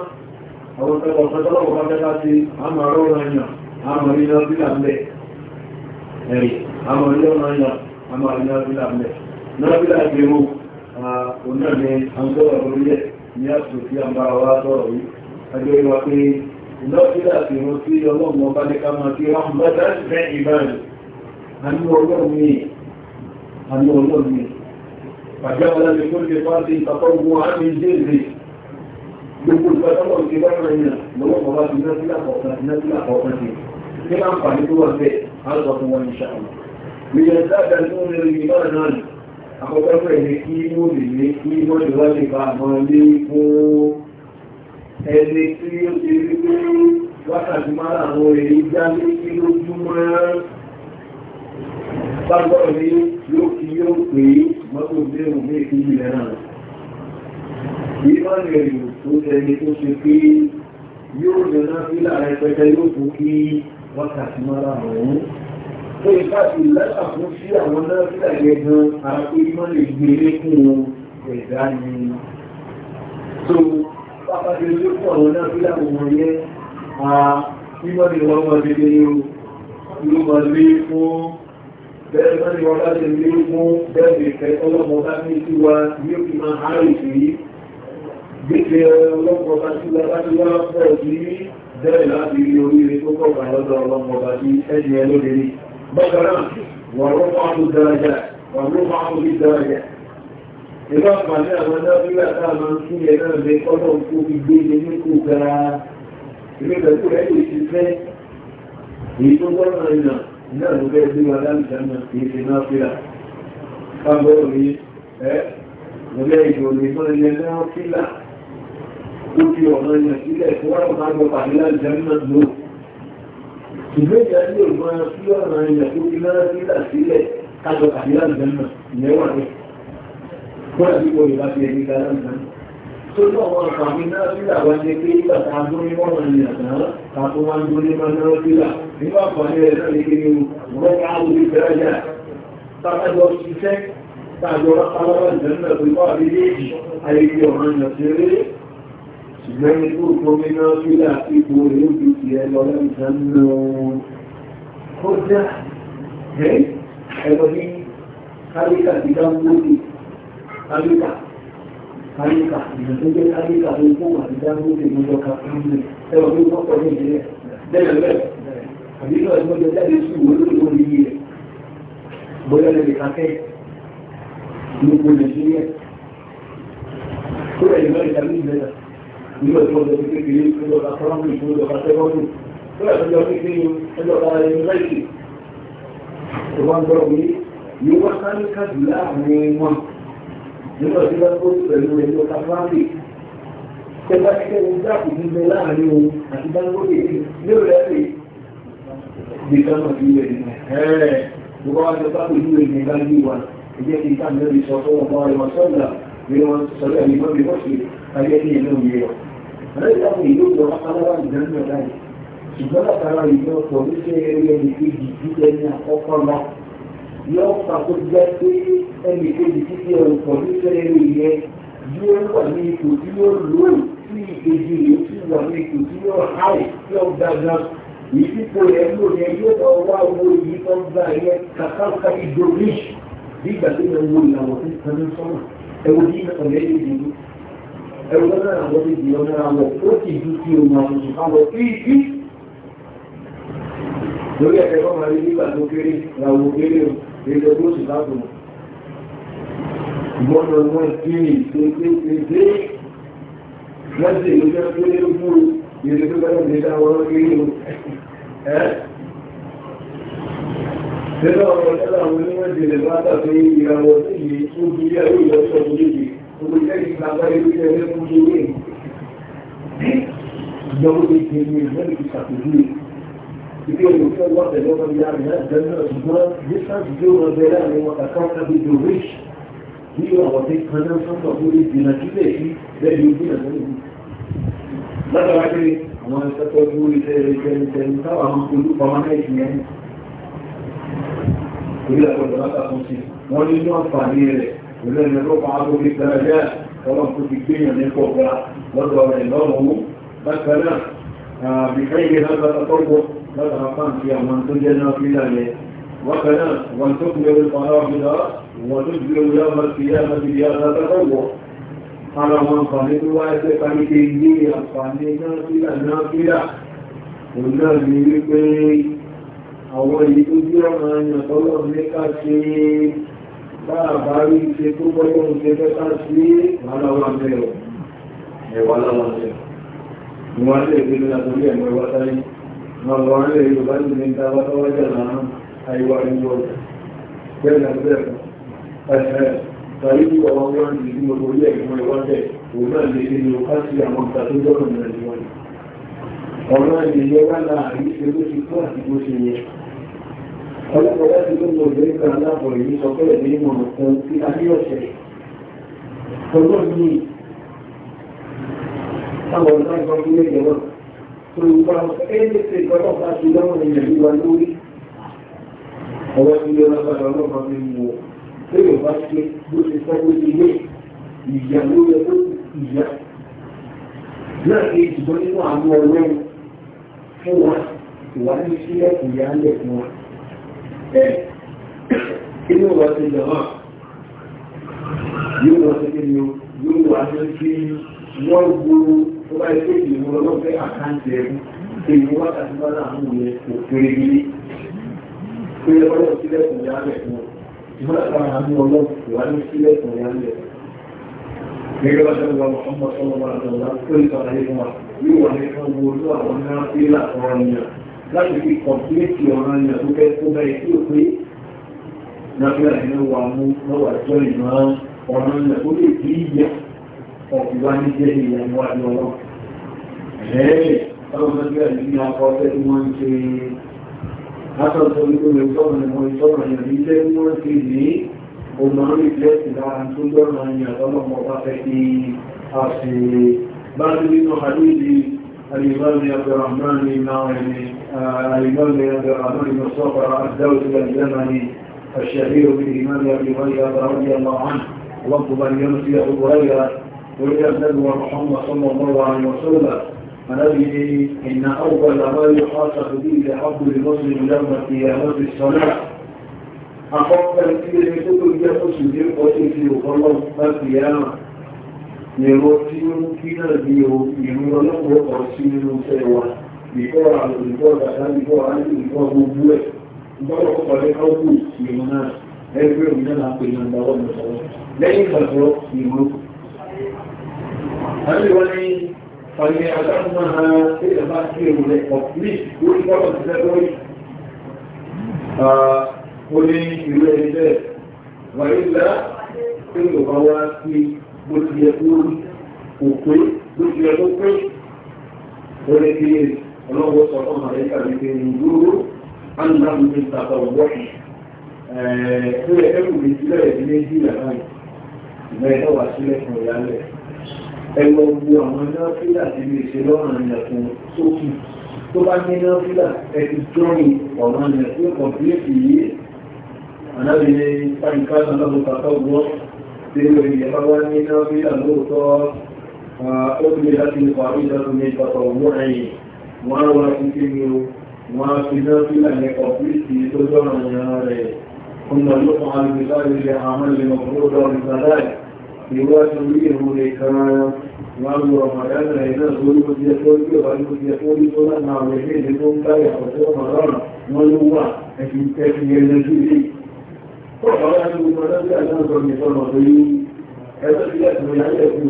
àwọn ọ̀sán ọ̀sán tọ́lọ́wọ́ bá tẹ́lá sí àmà rọ́ọ̀rọ̀ àyàn àmà ilé ọ̀sílà ńlẹ̀ ẹ̀rì àmà ilé ọ̀rọ̀ àyàn àmà ilé ọ̀sílà ńlẹ̀ nọ́ọ̀sílà ìgbèrú òun náà ni àwọn tọ́lọ̀ orílẹ̀ ní àṣòfin àbáwá sọ̀rọ̀ yìí ìlọ́kílà ti rán sí ọlọ́run ọba ní ká máa fi ráhùn bá dájú fẹ́ ìbáyìí àánú ọlọ́run ní àánú ọlọ́run ní pàjá ọlá ti kúrò nípa ti ìtàkọ́ ogun àmì jẹ́rì gbogbo ìpàtàkọ́ ti bá rẹ̀ yàn lọ́wọ́ bàbá ti ná sílà kọ̀ọ̀kan ti ná sílà kọ̀ọ̀kan ti ní máa ń fà ní tó wà bẹ́ẹ̀ á sọ fún wọn ìṣà wọn. ìyẹn dáadáa ní wọn lè rí náà náà àkọ́kọ́ fẹ̀ ní kí wọ́n lè ní kí wọ́n lè wá lè bá àwọn ilé fún ẹni tí ó ti rí pé wákàtí máa àwọn èyí já ní kí lójúmọ́ bágbọ́ ní yóò kí yóò pè é mọ́tò bí òun ní ìpínlẹ̀ náà ìbánirẹ̀ tó tẹni tó ṣe pé yóò lẹ́nà fílà ẹgbẹ́ta yóò tó kí wákàtí máa àwọn tó ìfàtí lẹ́sà fún sí àwọn náà fílà yẹ gan ara pé mọ́ lè gbé e lékún ẹ̀dá ni pápájú ojú pọ̀ wọn náà fílà wọn yẹ mímọ́ ni wọ́n wọ́n dédé irú ma lé fún bẹ́ẹ̀ mọ́ ni wọ́n bá ti lé fún bẹ́ẹ̀ lè fẹ́ ọlọ́mọ bá ní sí wa ní òkè máa hárì sí gbèsè ọlọ́mọ bá sí wa bá ti wá pọ̀ sí dára jà ìgbà pàdé àwọn ọlọ́gbígbà táàmà ń kí ẹ̀ náà lè kọ́lọ̀ kó ìgbé ilé ní kò gara ilé ìgbẹ̀kú rẹ̀ lè ti fẹ́ èyí tó gbọ́nà ìnà náà ló bẹ́ẹ̀ bí wọn láti dáná kìí ṣe náà fílà kábọ̀rọ̀ mi ẹ́ mo lẹ́ ìgbò lè mọ́ ilẹ̀ náà fílà ó fi ọ̀nà ìnà sílẹ̀ tó wà máa gbọ́ pàdé láti dáná lò sílẹ̀ kájọ pàdé láti dáná ní kọ́lá bí kò lè bá fi ẹni gbára nìkan tó ní àwọn àǹfààní náà sílà wá jẹ pé nígbà tá a dún ní mọ́ràn ní àná ta tó wá ń dún ní máa náà sílà nínú àǹfààní rẹ̀ náà ní kíni wọ́n ká wù ní ìfẹ́rajà tábàjọ ṣiṣẹ́ táàjọ rápálára ìdáná pé wà á káríkà ti dá mú lókè káríkà káríkà ìrìnàjò káríkà ló kó wà ní dáńgóde lọ́jọ́ ká fún mi ẹwà ló kọ́ pọ̀ ní ìdílé bẹ́ẹ̀ bẹ́ẹ̀ àbí lọ ẹgbẹ́ jẹ jáde sí ìwé lórí orí rẹ̀ bóyá lè kàkẹ́ ní kò nàìjíríà tó rẹ̀ ìmọ̀ ìdàmú ìgbẹ́ta ní ọjọ́ ọjọ́ kékeré ìjọba fọ́nrán ìjọba tẹ́wọ́nù tó rẹ̀ ọjọ́ kékeré ìjọba yunifásitì tó wá ń gbọ́rọ̀ wí yóò wá sáríkà jù láàrin wọn nígbà tí wọ́n tó pẹ̀lú ẹjọ́ káfíńtì tẹ́lá tí wọ́n dá ìdí bẹ láàrin o àti Dangote ní ọ̀rẹ́ rẹ̀ lè kánà sí ilé rẹ̀ ẹ̀ẹ́ gbogbo wa jọ sáfù ìlú rẹ̀ ní báyìí wa ẹjẹ́ ti ká mẹ́rin sọ fún ọmọ rẹ̀ wọn sọ́ọ̀dà bí wọ́n sọ̀rọ̀ ẹ̀mí mọ́ bí wọ́n ṣe ayé ní ìlú mi rẹ̀ ọ̀rẹ́ ìdáhùn ìlú ìjọ aláwà ìdánimọ̀ láì ṣùgbọ́n látara ìjọ pọ̀ ní ṣe eré ẹni kejì yọ pàtó jẹ́ pé ẹnì kejì títí ẹ̀rù pọ̀ ní sẹ́yìn yẹn yóò wà ní ipò tí yóò lò sí ìkejì yóò sì wà ní ipò tí yóò háì tí ó gbàgbà ìdíkò yẹn ló yẹn yóò lọ wá owó yìí tó ń gbà yẹn kàkàkà ìdòmíṣ bí ìgbà tó yẹn wo ìlànà tó ń tẹnu sọ́nà ẹ̀wọ̀n yìí náà ọ̀rẹ́ yìí dìbò ẹ̀wọ̀n náà àwọn ti dìbò náà wọ̀ ó sì ti òun àwọn òṣùpá wọ̀ sí ibi lórí ẹ̀fẹ́ kọ́ máa nígbà tó kéré làwọn kéré o èdè ọdún sì láti Ìgbọ́nà wọn kí ìgbẹ́gbẹ́gbẹ́ láti èdè jẹ́ pé ó fún èdè tó bẹ́rẹ̀ ní ìdá wọn kí ní ẹ́. Tẹ́lá ọmọ tẹ́lá àwọn onímọ̀jì lè bá tàbí ìràwọ̀ sí yìí tó fi yẹ́ ó yọ sí biliyorsunuz Allah ve Yoga Bilal'e cennet tutma insan biliyor Rabbele ve matakata bir dövüş diyor ama tek kanalsan da bu bir dinaki de ki ve bildiğine Ne kadar ki ama işte bu ülkelerin içerisinde ama kulu bana etmeyen kuyla kodarak atmışız. Onun için hastaneye üzerine de bazı bir derece tamam tutukluyor ne kopya. Nasıl öyle ne olur? Bak bana bir şey gelirse tatlı lọ́dọ̀ apáǹtí àwọn tó jẹ́ náà fílà yẹ wákan náà wọn tó kúrò ní ọ̀rọ̀ fílà wọn tó jùlọ wíyá ọmọ sí yá ọmọ sí yá látọ́wọ́ ara wọn àǹfààní tó wáyé pé káníkè ní àǹfààní náà fílà náà fílà òun náà ní wípé àwọn èyí tó jẹ́ ọmọ ẹ̀yàn tọ́lọ́ ní ká tó lè gbé lọ́dọ̀ yìí Màgbọ́n lè yóò bá ní ìta wá tọ́wọ́ jẹ́ láàrín àìwá ìwọ̀ bẹ́ẹ̀ bẹ́ẹ̀ ẹ̀ẹ́ tàbí kí ọmọ wọn ní ìdí gbogbo orí ẹ̀gbọ́n ìwọ́dẹ̀ òun náà lè nínú káàkiri àwọn ìta tó jọ́ ọ̀nà ìwọ̀ ọ̀nà ìyẹ́ wá láàrín ṣe ló ti tó àti bó ṣe yẹ ọlọ́pàá láti ló lọ bẹ́ẹ̀ kan láàbọ̀ èyí sọ pé ẹ̀mí ìmọ̀ràn kan sí adéọ̀ṣẹ̀ ọlọ́ọ̀ni àwọn ọ̀nà ìgbọ́n ilé ìjọba transparente que vamos a ayudar en el Igualuri. Ọwọ́ ilé ọlọ́pàá ọlọ́pàá mi mú ọ. Bẹ́ẹ̀ bá ṣe bó ṣe sáré ilé ìyá ló yẹ kó ìyá. Náà ṣe ìdìbò nínú àwọn ọlọ́run fún wa ìwà ní sílẹ̀ ìyá ń lẹ̀ fún wa. Ẹ inú wa ti lọ hàn. Yóò wá sí kí ni o? Yóò wá sí kí wọ́n gbòòrò tó bá yẹ kéèkì ìwọ lọ́fẹ́ àkáǹtì ẹ̀kú ṣe ìwọ wákàtí bá láàánú yẹn kò kéré gidi pé ọlọ́ sílẹ̀kùn yá lẹ̀ fún ọ ìwọ láàánú àánú ọlọ́ ìwà ní sílẹ̀kùn yá lẹ̀ gẹ́gẹ́ bá ṣẹlẹ̀ wọn ọmọ sọmọ bá lọ lá tó ìtọ́ ayé wọn yóò wà ní fún owó tó àwọn náà sí làkọrọ yẹn láti fi kọ̀mpléètì ọ̀rọ̀ yẹn tó fẹ́ tó bẹ́ẹ̀ tí ó pé náà fi àìní wà mú lọ́wọ́ àjọ ìmọ̀ ọ̀rọ̀ yẹn tó lè bí yẹn ọ̀pìwáníjẹ́ ìyàwó ọlọ́run ẹ̀ẹ́ ọlọ́run tó gbé àìsí àkọ́ ọ̀fẹ́ tí wọ́n ń ṣe látọ̀tọ̀ wípé rẹ̀ tọ́rọ̀ ẹ̀mọ́ ìtọ́rọ̀ ẹ̀yàn ní jẹ́ ní wọ́n ti ní ọmọ orí ìfẹ́sì lára tó gbọ́nà ẹ̀yàn lọ́lọ́mọ bá fẹ́ kí a ṣe bá ní nínú àdúgbì alìmọ́lì abdurrahmani alìmọ́lì abdurrahmani mọ́sọ́fà adáwòsí alìjẹ́mani àṣàríò bí ìmọ́lì abdurrahmani وإلى النبي محمد صلى الله عليه وسلم فنبه إن أول ما يحاسب به لحب المسلم يوم القيامة الصلاة أقوم كثير يقول يا مسلم قتل في الله القيامة يروتين كنا بيو ينور له قرسين سوى بيقول على الإنفاق عشان بيقول على الإنفاق مبوة بقول قبل حوض يمنا هيفر من العقل من دوام الصلاة لكن خلقه يموت àbí wọ́n ní ọ̀yẹ́ àdáhùnmá ha tí ìlú bá sí ewu rẹ̀ ọ̀pùlì lórí bọ́ọ̀lù ti lẹ́gbọ́rì ó ní ìlú ẹni bẹ́ẹ̀ wàyí ńlá tí ìlú bá wá sí bó ti yẹ kó òpé bó ti yẹ kó pé ó lè fi ọlọ́wọ́ sọ fún àwọn ẹ̀ka mi sílẹ̀ ìdílé jìlá náà ìgbà ẹ̀dọ́wà sílẹ̀ fún ìyálẹ̀ ẹgbẹ́ gbogbo àwọn iná fílà ti lè ṣe lọ́rùn ìyàtọ̀ sókè tó bá ní iná fílà ẹ ti jọrin ọ̀rọ̀ ìyàtọ̀ kọ̀pìlẹ̀tì yìí ànábìyẹ pàǹkà lọ́dún pàtó gbọ́ tí ó yẹ bá wá ní iná fílà lóòótọ́ ó ti lè láti nípa ìjọba ní ìpàtọ̀ ọmọ ẹ̀yìn wọ́n á wá sí kí ni o wọ́n á fi iná fílà ní kọ̀pìlẹ̀tì tó jọrọ̀ ìyàtọ̀ rẹ̀ kúndà ló níwájú orí ìrún nìkan wọ́n lọ ọmọdánà iná lórí ojú ẹ̀kọ́ orí ọ̀wá ní ojú ẹ̀kọ́ orí tó láti àwọn ẹgbẹ́ ìdí tó ń kárí àkọ́kọ́ ọmọdánà wọ́n ló wà ẹ̀kì tẹ́kì ẹlẹ́jú ilé ọ̀pọ̀lọpọ̀ ní gbogbo ọlọ́dún àdáǹsọ ní sọ́nà lórí ẹgbẹ́ tí láti mọ̀ láyé ẹ̀kú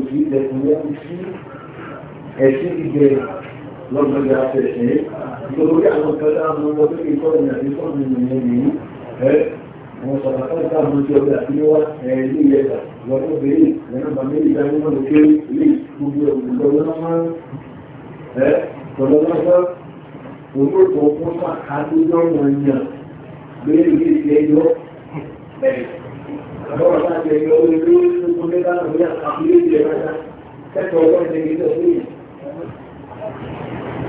sí وصدقتها من جهة أخيوة هذه وتبري لأن ضميري كان يوم الوكيل لي كلنا كلنا ومر كوكوما حدود من بين جيل كيلو أقول لك كيلو يقول كل ده هي أخيل يا باشا كتوبة جديدة فيه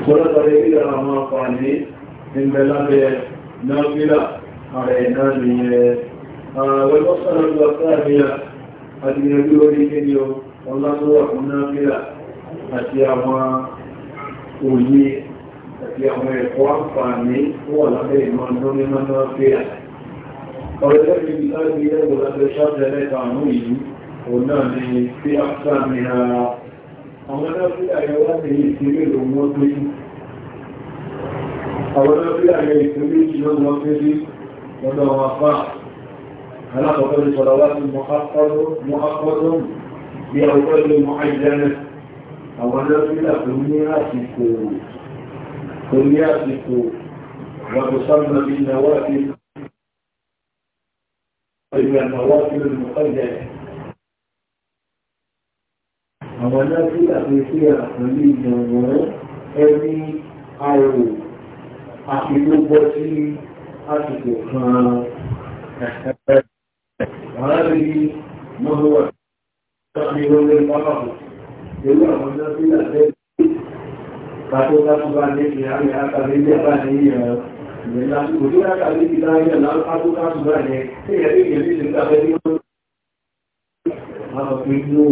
سورة طريقي لما قال لي إن بلاد نافلة ààrẹ والمصدر الوثامية هذه يقول لي كنيو والله هو منافلة أتياما أولي أتياما يقوان فاني هو لدي معنون منافلة ولذلك بسال بيئة والأدرشات جلت عنوي قلنا في أقسامها أمنا في الأيوات يسير الأمور أولا في الأيوات يسير الأمور lọ́dọ̀ wọn afá alákọ̀ọ́kọ́ ní sọ̀rọ̀ wá sí mọ́kọ́dún bí ọkọ́ ilé mọ́kànlẹ́rẹ́ àwọn lọ́sílà tó ní àsìkò tó ní àsìkò àti gbogbo sí àsìkò kan ẹ̀ẹ́rẹ́ àárí mọ́wọ́ ní orí pápákọ̀ èyí àwọn ọjọ́ sí àjẹ́ kàtó kásúbá ní ìhàrí àkàrí ní àbá ní ìrìn lásìkò tí àkàrí ti láyé lápapọ̀ kásúbá ní ẹ̀rí ìrìn sí kàfẹ́ ní ọjọ́ àwọn ìlú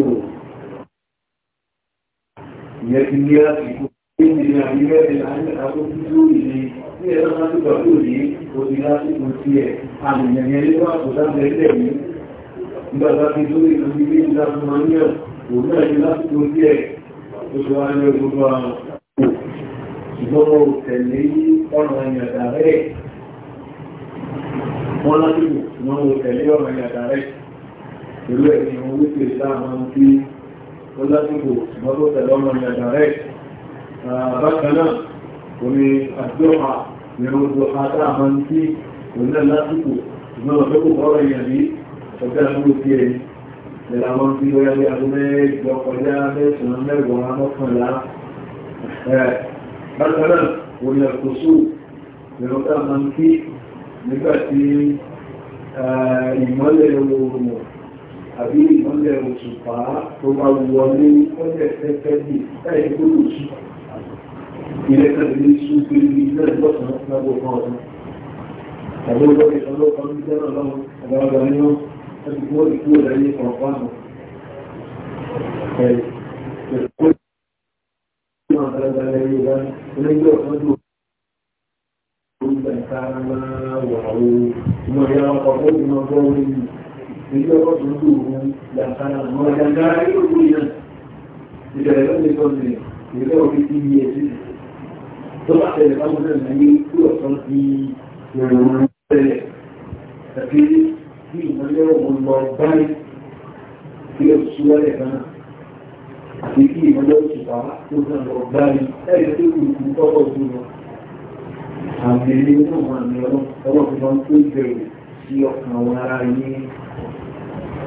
ìyẹ́ ti ní àsìkò ní ìrìn àríwẹ̀ ìlànà àkókò tí ó ìrìn tí ẹ lọ́nà tí pọ̀ tó yìí kò ní láti kò sí ẹ̀ àmìyàn ní wà kò dábẹ̀ ilẹ̀ yìí nígbàtà ti tó ní ìlú ilé ìlú láti máa ní ọ̀ kò náà ní láti kò sí ẹ̀ tó ti wá ní gbogbo àwọn ṣùgbọ́n mo tẹ̀lé ọ̀nà ìyàdà rẹ̀ wọ́n láti kò mọ́ mo tẹ̀lé ọ̀nà ìyàdà rẹ̀ pẹ̀lú ẹ̀ ní owó tí ń fi ó láti kò mọ́ tẹ̀lé ọ̀nà ìyàdà rẹ̀ bákan náà kò ní àdúrà ìrìn òjò àtà àmà ń tí òmìnà lásìkò ìgbọ́n ọ̀fẹ́ kò kọ́rọ̀ èèyàn ní ọjọ́ àbúrò tí ẹni lẹ́la wọn tí ó yáwé agbẹ́gbẹ́ ọkọ̀lá mẹ́sàn-án mẹ́wàá mọ́kànlá bákan ìrìn òjò àbí ìmọ́lẹ̀ òṣùpá tó bá wọlé ọjọ́ ẹ̀fẹ́ bí láì tó lò sí ilẹ̀ tàbí sú pé ní ilé ìgbọ́sàn lábò kan ọdún tàbí ó lọ́kẹ́ kan lọ́kọ́ ní jẹ́ náà lọ́wọ́ àgbàlagbà ní wọ́n láti kúrò ìkú ìdáyé kan fáànù ẹ̀ẹ́dẹ̀kọ́ ìgbọ́n àgbàlagbà lẹ́yìn ìgbà onígbẹ́ ọ̀kan tó ń gbà ń ká máa wà ó ìmọ̀ ìyá ọkọ̀ ó ti máa gbọ́ orí yìí ilé ọkọ̀ tó ń lò wọ́n làtàrà mọ́ ẹ̀dá ilé òkú yẹn ìbẹ̀rẹ̀ lọ́dẹ̀ tó lè ìrẹ́ orí tí yẹ sí tó bá tẹ̀lẹ̀ bá mọ́ náà ní kú ọ̀sán ti ìrọ̀rùn tẹ̀lẹ̀ àti tí ìmọ̀lẹ́ ọ̀hún lọ báyìí kí ó sì wọ́lẹ̀ kan àti kí ìmọ̀lẹ́ oṣù bá tó náà lọ báyìí ẹ̀yẹ tó kù kú tọ́pọ̀ tó lọ àmì ẹni náà wà ní ọlọ́pàá tó bẹ̀rẹ̀ sí ọkàn àwọn ará yìí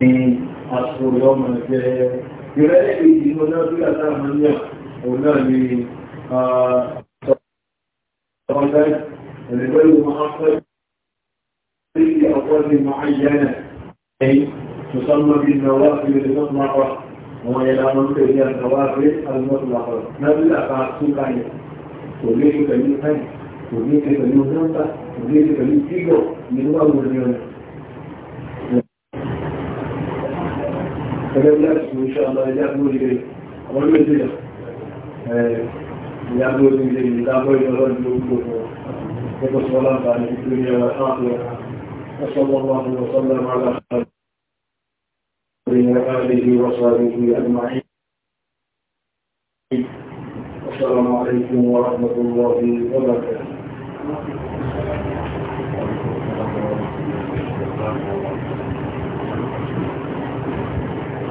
ní aṣọ ọmọ ẹgbẹ́ ìrẹ́lẹ̀ èdè ọjọ́ tí a sáà máa ń yà òun náà ni ọ̀pọ̀lọpọ̀ ẹ̀lẹ́gbẹ́lú máa fẹ́ sí ọ̀pọ̀lọpọ̀ máa yẹ ẹ̀yìn tó sọ́mọ́ bí náwà sí ilé tó máa wà àwọn ẹ̀yẹ láwọn ń pèsè àtàwà rí alùmọ́tòlápọ̀ náà bá tún láyé kò ní ṣe pẹ̀lú táì kò ní ṣe pẹ̀lú náà kò ní ṣe pẹ̀lú fígọ̀ nínú àwọn ènìyàn فلم نأسه إن شاء الله يأخذوا إليه ومن مزيد يأخذوا إليه لا بين الرجل وكله وبالصلاة على الدنيا والآخرة وصلى الله وسلم على خير آله وصحبه أجمعين السلام عليكم ورحمة الله وبركاته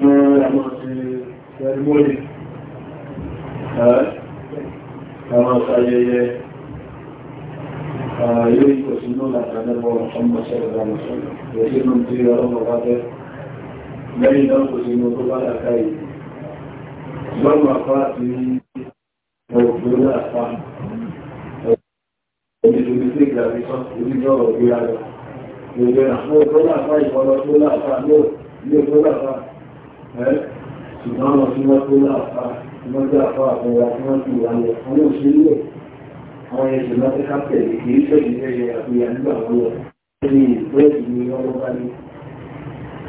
ní àwọn ti ṣẹrimóni àwọn ṣayẹyẹ yóò ikọ̀ sínú látàdẹ́bọ̀ ọmọ sẹ́rẹ̀ àwọn sọ́rọ̀ yóò sínú tí ọmọ bá fẹ́ lẹ́yìn náà kò sínú tó bá dàkà yìí lọ́nà àpá àti ọgbẹ̀rún àpá ìdílé tí ìgbàrí sọ orílẹ̀ ọ̀gbẹ̀rún àpá ìfọ́lọ́ tó láàpá ní òkú láàpá ṣùgbọ́n wọn tí wọ́n tó láàfà wọ́n jẹ́ àfà àfẹ́ra tí wọ́n ti wà lẹ̀ wọ́n yóò ṣe lẹ̀ àwọn yẹn ṣe máa tẹ́ka tẹ̀lé kì í ṣẹ̀lẹ̀ ẹ̀yẹ àgbéyà nígbà wọn lọ ní ìbẹ́ẹ̀dì ni wọ́n lọ́ba ní.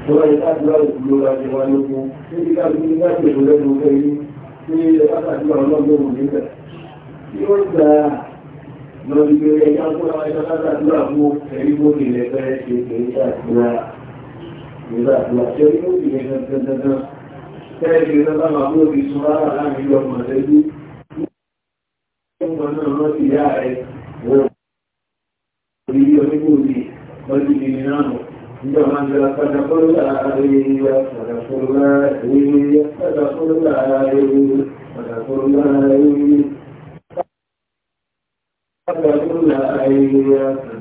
tó bá yẹ káàdì wà lóko ló ra jẹ wá lóko níbi káàdì ní káàdì èso lẹ́nu ọgbẹ́ yìí ní ilẹ̀ káàdì wà lọ́gbọ̀n ìgbà àti inú ìyẹn dandandan tẹ́ẹ̀kì lọ́pàá máa bó ti sọ rárá láàrin ìlú ọmọ ẹ̀lú ọmọ náà lọ sí ìyá rẹ̀ wọ́n rí onígbòdì ọdún ìrìn náà nígbà máa ń gbà padà fọ́lọ́lá ààrẹ padà fọ́lọ́lá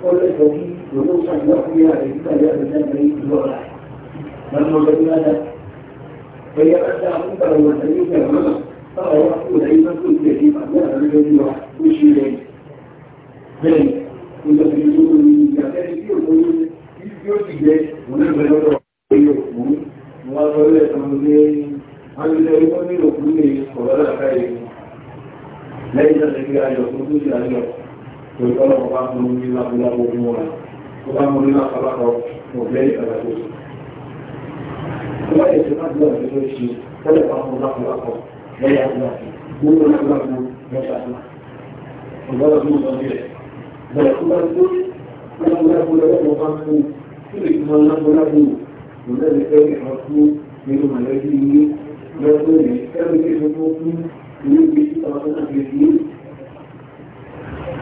قول الذي ونوصل نقضي عليه فلا بذنبه الوضع لما الذي ماذا فهي أتى أمك لو أتنيك المنع فهو أولئك كنت يجيب أن أعمل الذي مشي إليه بل كنت في الجنوب من يعتني فيه ويقول يجيب إليه ونبغي له ويقوم وأقول لك أمزين أن لا يؤمن كل صلاة خير ليس الذي أن يكون في أن يكون ìgbọ́nà ọba mú ní lábúláwò ní wọn tó bá mú ní lápapọ̀ òbẹ́ ìgbàlàkóso tó bá yẹ̀sẹ̀ láti lọ sí lóṣì tẹ́lẹ̀ bá mú lápapọ̀ lẹ́yà láti gbogbo lápapọ̀ lẹ́yà láti ọgbọ́dọ̀ mú lọ sí rẹ̀ bẹ̀rẹ̀ tó bá tó lábúláwò lọ́wọ́ bá mú kí lè mọ lábúláwò ìgbẹ́ ìfẹ́ ìfọ́kú nínú mọ̀lẹ́bí ilé lọ́wọ́ rẹ̀ kẹ́lẹ́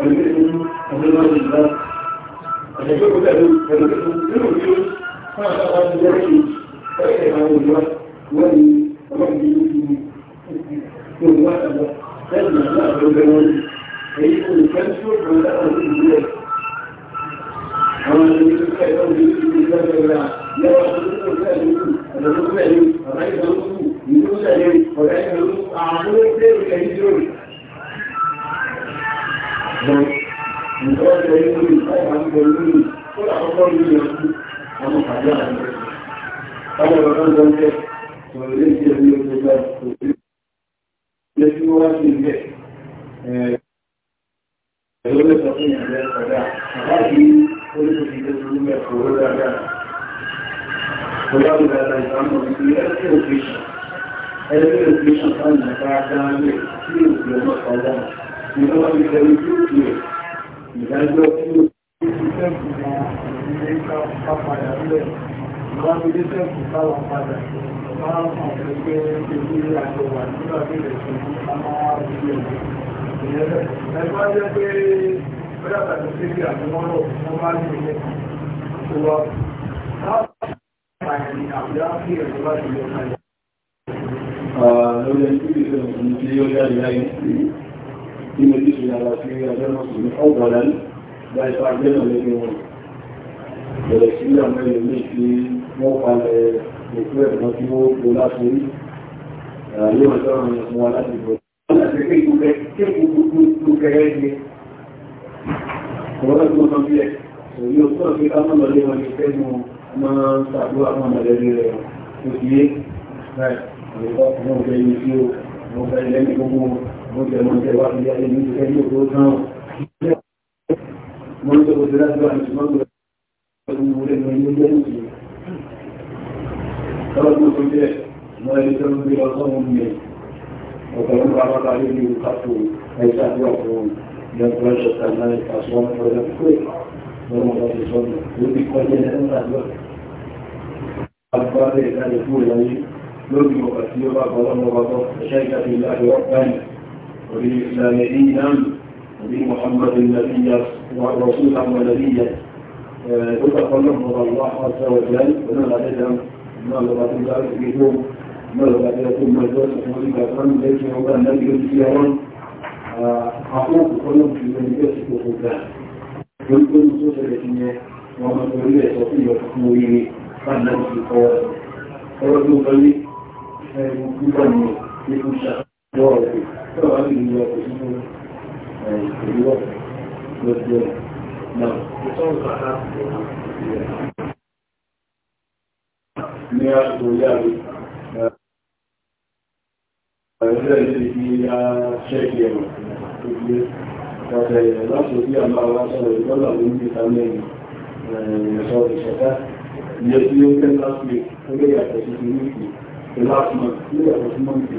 المسلم ومن الإسلام الشيخ تأمل فالمسلم من الجيوش فعلى أغاد الوحي فإذا كان الوحي ولي ربي يوم واحد لما لا أغاد فيكون الكنسر من الأغاد الوحي ومن الإسلام كأيضا يجب أن يكون لا يأخذ الإسلام الرسول عليه الرئيس الرسول يقول عليه ويأخذ الرسول أعلم الإسلام كهيدرون mọ́ nǹkan ọjọ́ ilé ìfẹ́ tí wọ́n wá ọmọ ọlọ́run ìjọba ìjọba ìjọba ìdájọ́ tí ó sẹ́kù máa ilé ká padà lẹ̀ máa fi dé sẹ́kù káwọn padà máa ń hàn pé pé ebi àjọ wà nígbà tí ilẹ̀ tó ní a máa ń fi lè ìyẹn ẹgbẹ́ jẹ́ pé bẹ́ẹ̀ tàbí sí ibi àjọmọ́rọ̀ wọ́n máa ń lè tó wá láti àbúrá sí ẹ̀rọ láti lè ká lórí ẹni tí ìṣẹ̀lẹ̀ tí ó yá ìyá yìí فيما يجري على سبيل المسلمين أولا لا يتعلم الذين ولكن من يمشي موقع الكويت مطلوب ولا شيء يوم ترى من الموالات Wọ́n tó sọ bí ẹ̀ òní ó tọ́ sí kámọ́lọ́lé wọn ní fẹ́ mú ọmọ ṣàdó àwọn ọmọdébí rẹ̀ tó fi yé láì ọ̀rẹ́kọ́ fún ọmọ ìgbẹ́ yìí tí ó mọ́ fẹ́ lẹ́nu gbogbo mo jẹ́ mo jẹ́ wá ilé ayé ní ìfẹ́ ní òkú náà mo ń tọ́kọ̀ sí láti wà ní ṣùgbọ́n tó ń wọlé ní ilé jẹ́ ní ìṣẹ́ lọ́wọ́ tó jẹ́ mo ẹni tó ń gbé ọlọ́run mi ọ̀pọ̀lọpọ̀ bá bá bá lé ní ìpàtó ẹ̀ṣà bí ọ̀pọ̀lọpọ̀ yẹn ṣọ̀tà náà ìpàṣọ́ wọn lọ́jọ́ pé lọ́wọ́ lọ́ ti sọ́nà lórí ọ̀pàá tí ó bá bọ́ lọ́wọ́ bá ẹ̀ṣẹ́ ìdájọ́ ìlàjọ́ ọ̀pá yìí وبالإسلام دينا وبمحمد النبي ورسولا ونبيا آه، وتقلم رضا الله عز وجل ومن أدم ما لغة ذلك بهم ما لغة لكم مجلس ولك أن ليس هو النبي كثيرا حقوق قلوب في مجلس وخلال يمكن نصوص الاتنية ومن يريد صفية تحمله فالنبي قوله قوله قوله قوله شخص Ní àṣìkò yàrí, ẹ̀rẹ́ ilé ti ya ṣẹ́kì ẹ̀rọ tó gbé, ọ̀tẹ̀ láti òbí àmà wá sọ̀rọ̀ ìgbọ́nà ló ní ìtàmẹ́rin ẹ̀ṣọ́ ìṣẹ̀ká. Ìyẹ́ tí ó tẹ́ láti lè, ó lè yàtọ̀ sí ti ní ìpì, ìlàtìmọ̀, ó yàtọ̀ sí mọ́ ìpì.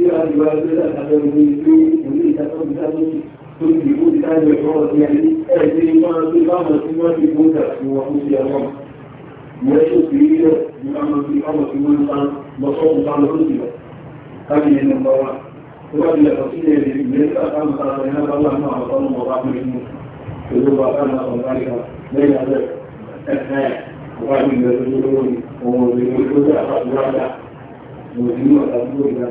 كثيرا يبادر الأكاديميين يريد تقوم بأنه تنجبون هذه الحرة يعني تجري ما تقام ثم تكون تكون في الأمر ويشوف في بأمر في الأمر في منطقة مصوب على كتبة هذه النمبر وقبل قصيدة ليس أقام صلاة الله ما أعطانا وضعنا منه يقول أقام صلاة بين ذلك الحياة وقال من يقولون ومن يقولون ومن يقولون ومن يقولون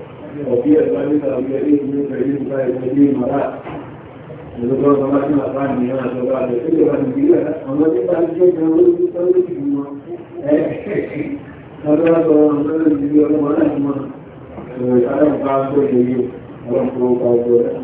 وفي أسألك أو يريد منك يريد فيبتدي مرات وذكر ثلاثين أقام من هذا الوقت كل من بيها وما جاء الشيء كان يقول يسوي فيما هذا هو من الذي يقول ما نحن تعلم قاعد كل شيء ونحن قاعد